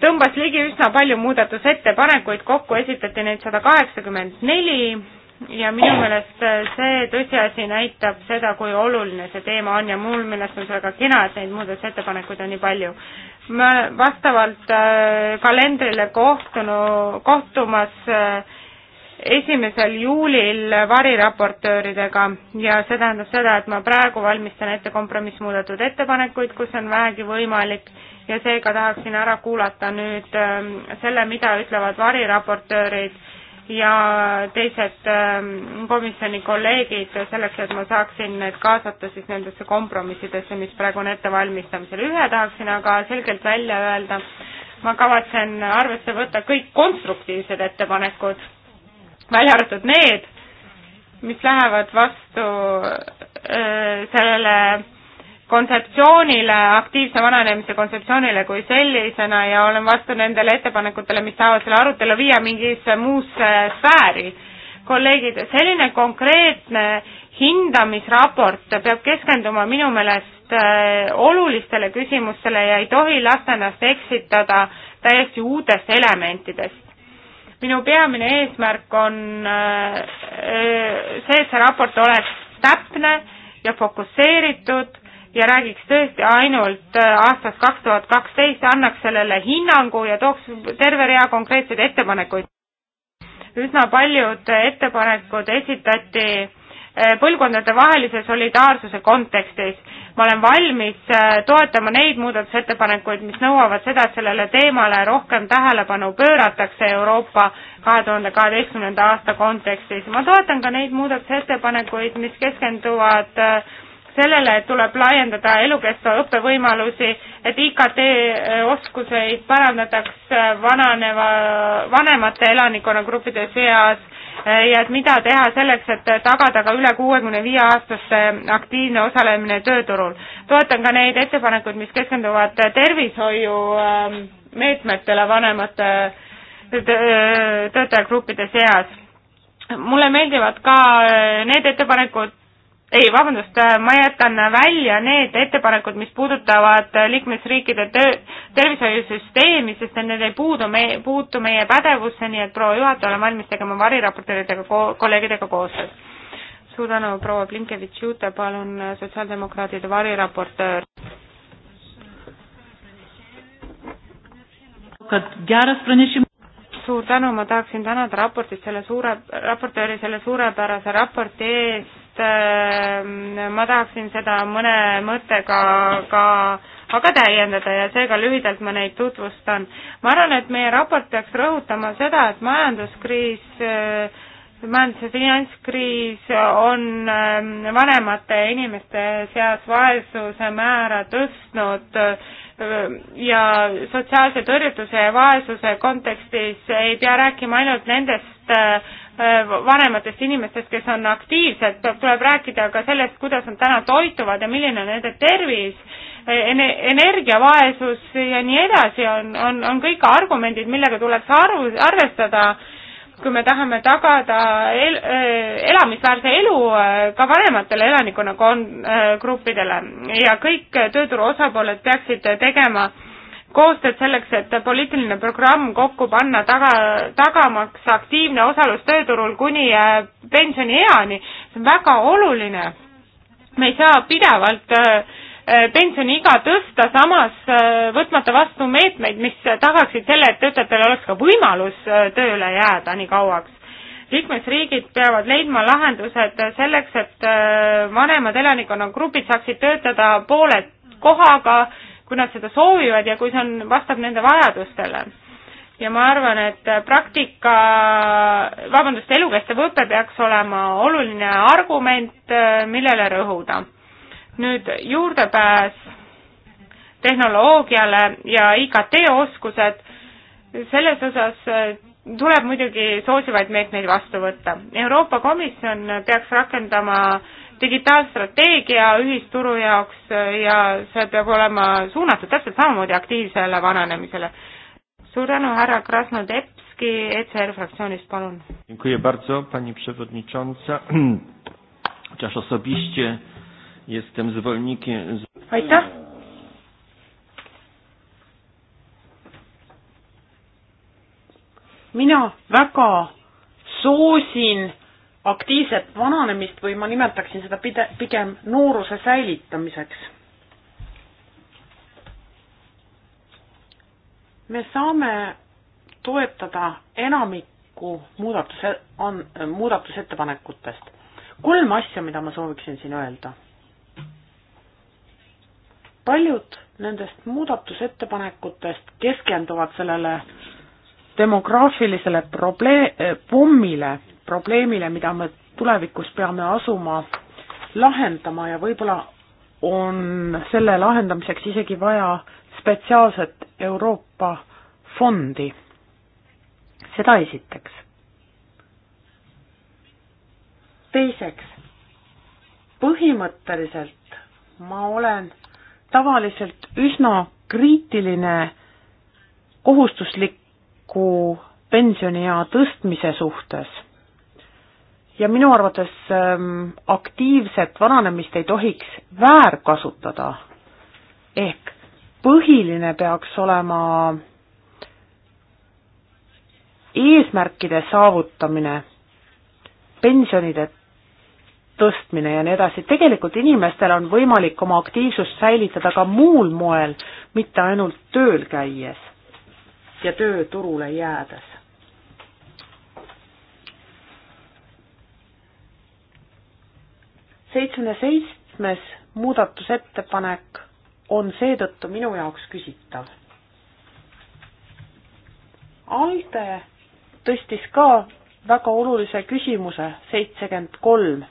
tõmbas ligi üsna palju muudatusettepanekuid, kokku esitati neid sada kaheksakümmend neli ja minu meelest see tõsiasi näitab seda, kui oluline see teema on ja mul meelest on see väga kena, et neid muudatusettepanekuid on nii palju. me vastavalt äh, kalendrile kohtunu, kohtumas äh, esimesel juulil variraportööridega ja see tähendab seda, et ma praegu valmistan ette kompromissmuudetud ettepanekuid, kus on vähegi võimalik ja seega tahaksin ära kuulata nüüd ähm, selle, mida ütlevad variraportöörid ja teised ähm, komisjoni kolleegid, selleks et ma saaksin need kaasata siis nendesse kompromissidesse, mis praegu on ettevalmistamisel. ühe tahaksin aga selgelt välja öelda, ma kavatsen arvesse võtta kõik konstruktiivsed ettepanekud välja arvatud need, mis lähevad vastu öö, äh, sellele kontseptsioonile, aktiivse vananemise kontseptsioonile kui sellisena ja olen vastu nendele ettepanekutele, mis tahavad selle arutelu viia mingisse muusse sfääri. kolleegid, selline konkreetne hindamisraport peab keskenduma minu meelest äh, olulistele küsimustele ja ei tohi lasta ennast eksitada täiesti uutest elementidest minu peamine eesmärk on äh, see, et see raport oleks täpne ja fokusseeritud ja räägiks tõesti ainult äh, aastast kaks tuhat kaksteist, annaks sellele hinnangu ja tooks terve rea konkreetseid ettepanekuid. üsna paljud ettepanekud esitati äh, põlvkondade vahelise solidaarsuse kontekstis ma olen valmis äh, toetama neid muudatusettepanekuid, mis nõuavad seda, et sellele teemale rohkem tähelepanu pööratakse Euroopa kahe tuhande kaheteistkümnenda aasta kontekstis. ma toetan ka neid muudatusettepanekuid, mis keskenduvad äh, sellele, et tuleb laiendada elukestva õppe võimalusi, et IKT äh, oskuseid parandataks vananeva, vanemate elanikkonnagruppide seas Eh, ja et mida teha selleks, et tagada ka üle kuuekümne viie aastaste aktiivne osalemine tööturul. toetan ka neid ettepanekuid, mis keskenduvad tervishoiumeetmetele ähm, vanemate äh, äh, töötajagruppide seas mulle meeldivad ka äh, need ettepanekud, ei, vabandust, äh, ma jätan välja need ettepanekud, mis puudutavad äh, liikmesriikide töö, tervishoiusüsteemi, sest need ei puudu me-, puutu meie pädevusse, nii et proua juhataja, olen valmis tegema variraportööridega ko-, kolleegidega koostööd. suur tänu, proua Blinkevitš-Jute, palun, äh, sotsiaaldemokraatide variraportöör. suur tänu, ma tahaksin tänada raportit selle suure, raportööri selle suurepärase raporti eest, sest äh, ma tahaksin seda mõne mõttega ka aga täiendada ja seega lühidalt ma neid tutvustan. ma arvan, et meie raport peaks rõhutama seda, et majanduskriis, äh, majandus- ja finantskriis on äh, vanemate inimeste seas vaesuse määra tõstnud ja sotsiaalse tõrjutuse ja vaesuse kontekstis ei pea rääkima ainult nendest Äh, vanematest inimestest, kes on aktiivsed, tuleb rääkida ka sellest, kuidas nad täna toituvad ja milline on nende tervis, energiavaesus ja nii edasi on, on, on kõik argumendid, millega tuleks arvu, arvestada, kui me tahame tagada el, äh, elamisväärse elu äh, ka vanematele elanikkonna gruppidele ja kõik tööturu osapooled peaksid tegema äh, koostööd selleks, et poliitiline programm kokku panna, taga, tagamaks aktiivne osalus tööturul kuni äh, pensionieani, see on väga oluline. me ei saa pidevalt äh, äh, pensioniiga tõsta, samas võtmata vastu meetmeid, mis tagaksid selle, et töötajatel oleks ka võimalus tööle jääda nii kauaks. liikmesriigid peavad leidma lahendused selleks, et vanemad elanikkonnagrupid saaksid töötada poole kohaga kui nad seda soovivad ja kui see on, vastab nende vajadustele. ja ma arvan, et praktika, vabandust, elukestev õpe peaks olema oluline argument, millele rõhuda. nüüd juurdepääs tehnoloogiale ja IKT oskused, selles osas eh, tuleb muidugi soosivaid meetmeid vastu võtta. Euroopa Komisjon peaks rakendama digitaalstrateegia ühisturu jaoks äh, ja see peab olema suunatud täpselt samamoodi aktiivsele vananemisele. suur tänu, härra Krasnodebski ECR fraktsioonist, palun. Dziękuję bardzo, pani przewodnicząca. <clears throat> Chociaż osobiście jestem zwolennikiem. Aitäh. mina väga soosin aktiivset vananemist või ma nimetaksin seda pide-, pigem nooruse säilitamiseks. me saame toetada enamikku muudatuse, muudatusettepanekutest. kolm asja, mida ma sooviksin siin öelda. paljud nendest muudatusettepanekutest keskenduvad sellele demograafilisele probleem, eh, pommile probleemile, mida me tulevikus peame asuma lahendama ja võib-olla on selle lahendamiseks isegi vaja spetsiaalset Euroopa fondi. seda esiteks. teiseks, põhimõtteliselt ma olen tavaliselt üsna kriitiline kohustusliku pensioniea tõstmise suhtes ja minu arvates ähm, aktiivset vananemist ei tohiks väärkasutada. ehk põhiline peaks olema eesmärkide saavutamine, pensionide tõstmine ja nii edasi, tegelikult inimestel on võimalik oma aktiivsust säilitada ka muul moel, mitte ainult tööl käies ja tööturule jäädes. seitsmekümne seitsmes muudatusettepanek on seetõttu minu jaoks küsitav. Alde tõstis ka väga olulise küsimuse, seitsekümmend kolm.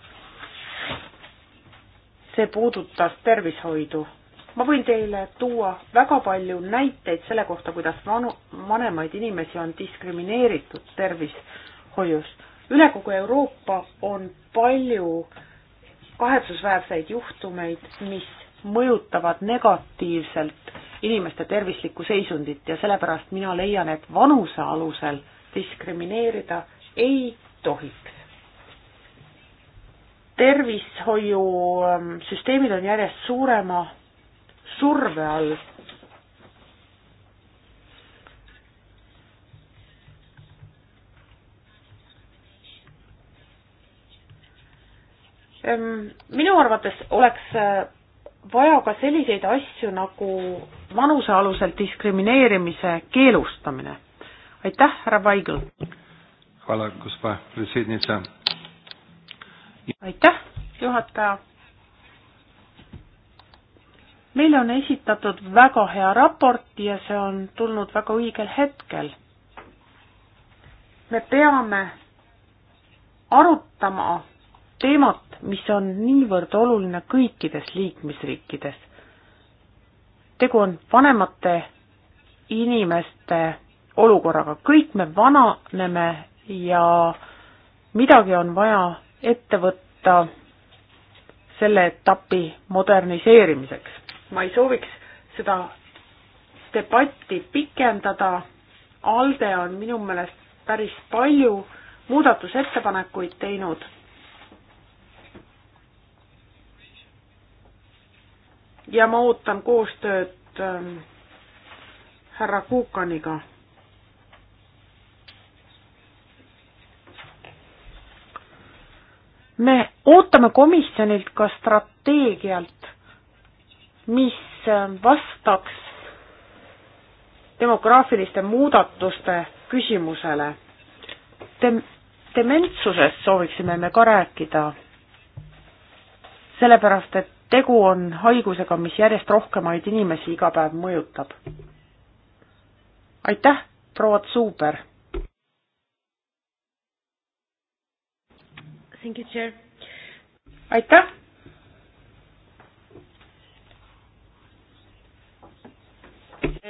see puudutas tervishoidu. ma võin teile tuua väga palju näiteid selle kohta, kuidas vanu, vanemaid inimesi on diskrimineeritud tervishoius. üle kogu Euroopa on palju äh, kahetsusväärseid juhtumeid, mis mõjutavad negatiivselt inimeste tervislikku seisundit ja sellepärast mina leian, et vanuse alusel diskrimineerida ei tohiks. tervishoiusüsteemid on järjest suurema surve all Ehm, minu arvates oleks äh, vaja ka selliseid asju nagu vanuse aluselt diskrimineerimise keelustamine. aitäh, härra Vaigel! aitäh, juhataja! meile on esitatud väga hea raport ja see on tulnud väga õigel hetkel. me peame arutama teemat, mis on niivõrd oluline kõikides liikmesriikides. tegu on vanemate inimeste olukorraga, kõik me vananeme ja midagi on vaja ette võtta selle etapi moderniseerimiseks. ma ei sooviks seda debatti pikendada, ALDE on minu meelest päris palju muudatusettepanekuid teinud ja ma ootan koostööd ähm, härra Kuukaniga. me ootame komisjonilt ka strateegialt, mis ähm, vastaks demograafiliste muudatuste küsimusele Dem. dementsusest sooviksime me ka rääkida, sellepärast et tegu on haigusega, mis järjest rohkemaid inimesi iga päev mõjutab. aitäh, proua Zuber! aitäh!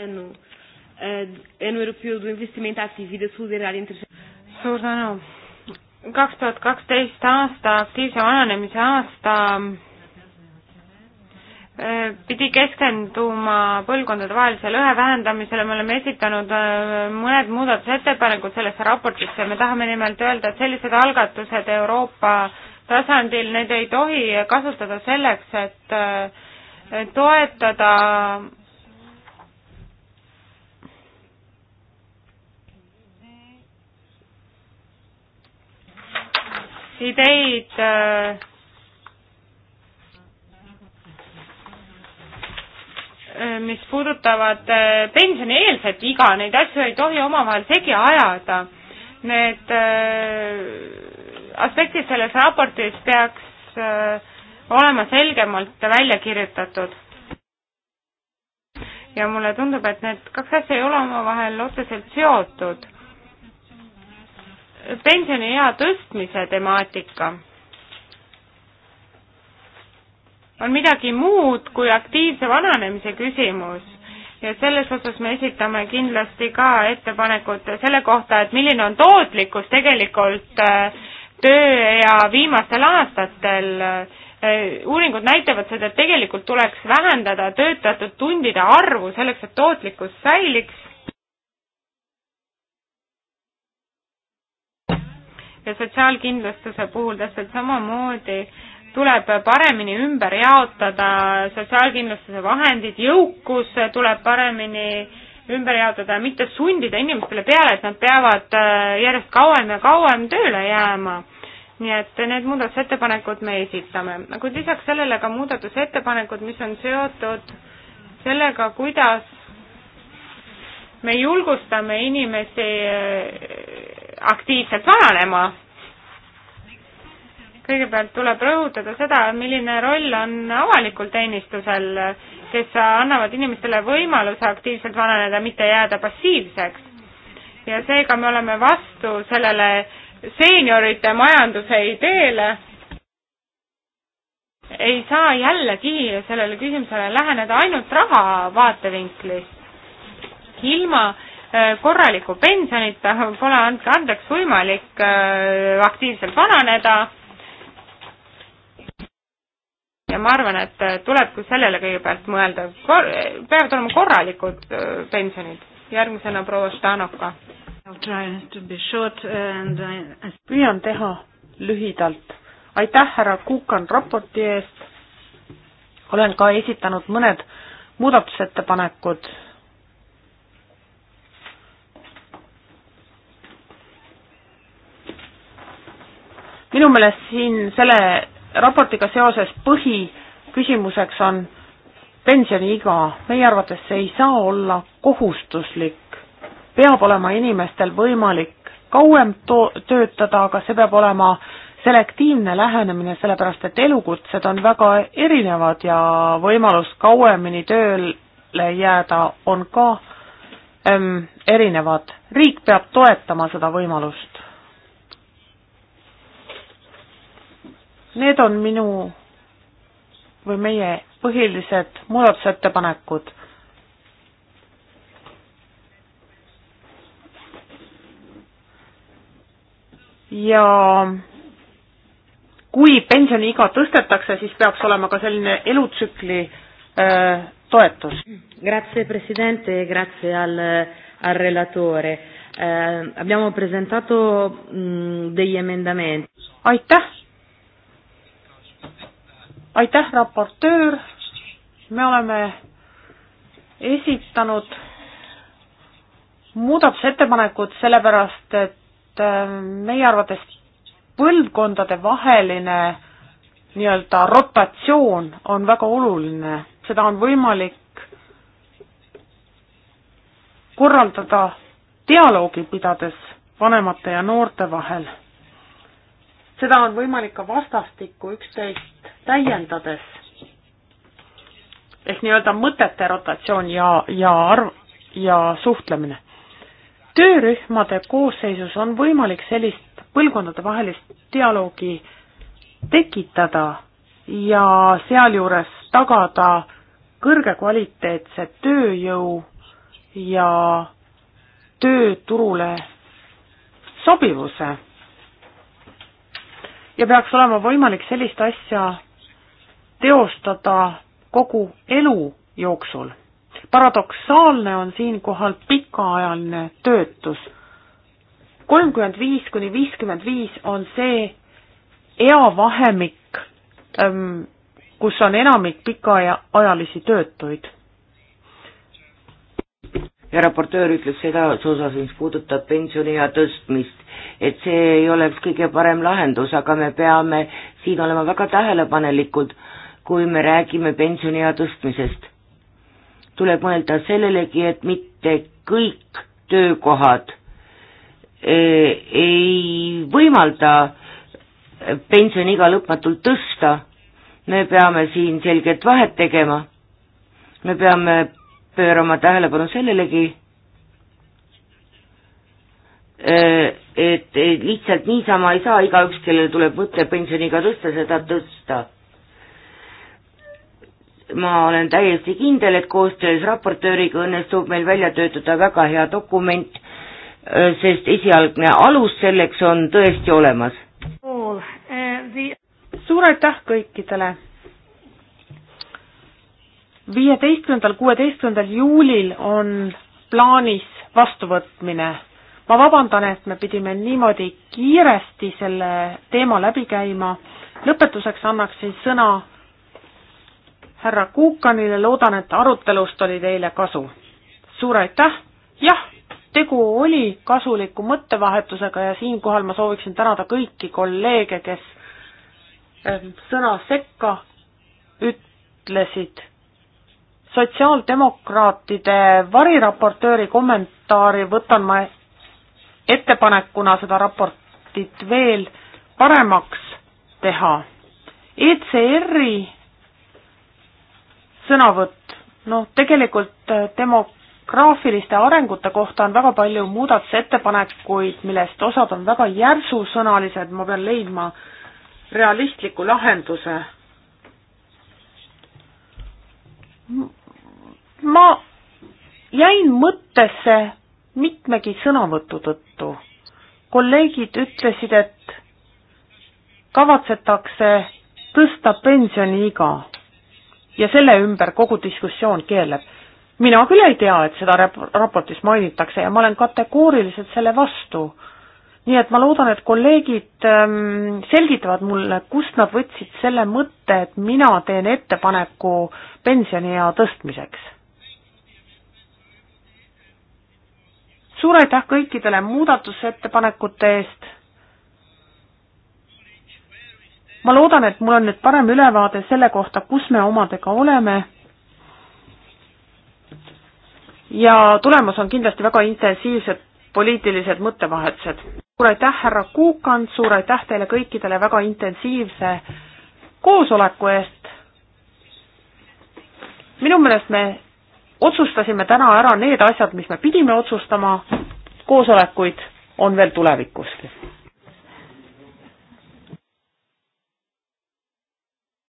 ano ano europeu do investimento ativo e da solidariedade entre suur tänu! kaks tuhat kaksteist aasta aktiivse vananemise aasta pidi keskenduma põlvkondadevahelisele lõhe vähendamisele, me oleme esitanud äh, mõned muudatusettepanekud sellesse raportisse, me tahame nimelt öelda, et sellised algatused Euroopa tasandil, neid ei tohi kasutada selleks, et äh, toetada ideid äh, Äh, mis puudutavad äh, pensionieelset iga, neid asju ei tohi omavahel segi ajada. Need äh, aspektid selles raportis peaks olema selgemalt välja kirjutatud. ja mulle tundub, et need kaks asja ei ole omavahel otseselt seotud. pensioniea tõstmise temaatika on midagi muud kui aktiivse vananemise küsimus ja selles osas me esitame kindlasti ka ettepanekut selle kohta, et milline on tootlikkus tegelikult äh, tööea viimastel aastatel. Äh, uuringud näitavad seda, et tegelikult tuleks vähendada töötatud tundide arvu selleks, et tootlikkus säiliks. ja sotsiaalkindlustuse puhul täpselt samamoodi tuleb paremini ümber jaotada sotsiaalkindlustuse vahendid, jõukus tuleb paremini ümber jaotada, mitte sundida inimestele peale, et nad peavad äh, järjest kauem ja kauem tööle jääma. nii et need muudatusettepanekud me esitame, kuid lisaks sellele ka muudatusettepanekud, mis on seotud sellega, kuidas me julgustame inimesi äh, aktiivselt vananema kõigepealt tuleb rõhutada seda, milline roll on avalikul teenistusel, kes annavad inimestele võimaluse aktiivselt vananeda, mitte jääda passiivseks. ja seega me oleme vastu sellele seeniorite majanduse ideele. ei saa jällegi sellele küsimusele läheneda ainult raha vaatevinklist. ilma äh, korraliku pensionita pole andke andeks võimalik äh, aktiivselt vananeda ja ma arvan, et äh, tulebki sellele kõigepealt mõelda Kor, peavad olema korralikud äh, pensionid. järgmisena proua Štanoka. Uh, püüan teha lühidalt. aitäh, härra Kukan, raporti eest. olen ka esitanud mõned muudatusettepanekud. minu meelest siin selle raportiga seoses põhiküsimuseks on pensioniiga, meie arvates see ei saa olla kohustuslik, peab olema inimestel võimalik kauem to-, töötada, aga see peab olema selektiivne lähenemine, sellepärast et elukutsed on väga erinevad ja võimalus kauemini tööle jääda on ka ähm, erinevad. riik peab toetama seda võimalust. Need on minu või meie põhilised muudatusettepanekud. ja kui pensioniiga tõstetakse, siis peaks olema ka selline elutsükli äh, toetus. Grazie presidente, e grazie al, al relatore eh,. Abbiamo presentato mh, degli emendamenti. aitäh aitäh, raportöör, me oleme esitanud muudatusettepanekud sellepärast, et äh, meie arvates põlvkondade vaheline nii-öelda rotatsioon on väga oluline, seda on võimalik korraldada dialoogi pidades vanemate ja noorte vahel. seda on võimalik ka vastastikku üksteist täiendades ehk nii-öelda mõtete rotatsioon ja, ja arv ja suhtlemine. töörühmade koosseisus on võimalik sellist põlvkondadevahelist dialoogi tekitada ja sealjuures tagada kõrgekvaliteetse tööjõu ja tööturule sobivuse. ja peaks olema võimalik sellist asja teostada kogu elu jooksul. paradoksaalne on siinkohal pikaajaline töötus. kolmkümmend viis kuni viiskümmend viis on see eavahemik, ähm, kus on enamik pikaajalisi töötuid. ja raportöör ütleb seda osas, mis puudutab pensioniea tõstmist, et see ei oleks kõige parem lahendus, aga me peame siin olema väga tähelepanelikud kui me räägime pensioniea tõstmisest. tuleb mõelda sellelegi, et mitte kõik töökohad e, ei võimalda pensioniiga lõpmatult tõsta, me peame siin selget vahet tegema, me peame pöörama tähelepanu sellelegi, e, et lihtsalt niisama ei saa igaüks, kellel tuleb mõte pensioniiga tõsta, seda tõsta ma olen täiesti kindel, et koostöös raportööriga õnnestub meil välja töötada väga hea dokument, sest esialgne alus selleks on tõesti olemas. suur aitäh kõikidele! viieteistkümnendal, kuueteistkümnendal juulil on plaanis vastuvõtmine. ma vabandan, et me pidime niimoodi kiiresti selle teema läbi käima. lõpetuseks annaksin sõna härra Kuukanile, loodan, et arutelust oli teile kasu. suur aitäh, jah, tegu oli kasuliku mõttevahetusega ja siinkohal ma sooviksin tänada kõiki kolleege, kes ähm, sõna sekka ütlesid. sotsiaaldemokraatide variraportööri kommentaari võtan ma ettepanekuna seda raportit veel paremaks teha. ECR-i sõnavõtt. noh, tegelikult äh, demograafiliste arengute kohta on väga palju muudatusettepanekuid, millest osad on väga järsusõnalised, ma pean leidma realistliku lahenduse. ma jäin mõttesse mitmegi sõnavõtu tõttu. kolleegid ütlesid, et kavatsetakse tõsta pensioniiga ja selle ümber kogu diskussioon keeleb. mina küll ei tea, et seda rap-, raportis mainitakse ja ma olen kategooriliselt selle vastu. nii et ma loodan, et kolleegid ähm, selgitavad mulle, kust nad võtsid selle mõtte, et mina teen ettepaneku pensioniea tõstmiseks. suur aitäh kõikidele muudatusettepanekute eest ma loodan, et mul on nüüd parem ülevaade selle kohta, kus me omadega oleme. ja tulemus on kindlasti väga intensiivsed poliitilised mõttevahetused. suur aitäh, härra Kuukan, suur aitäh teile kõikidele väga intensiivse koosoleku eest. minu meelest me otsustasime täna ära need asjad, mis me pidime otsustama, koosolekuid on veel tulevikuski.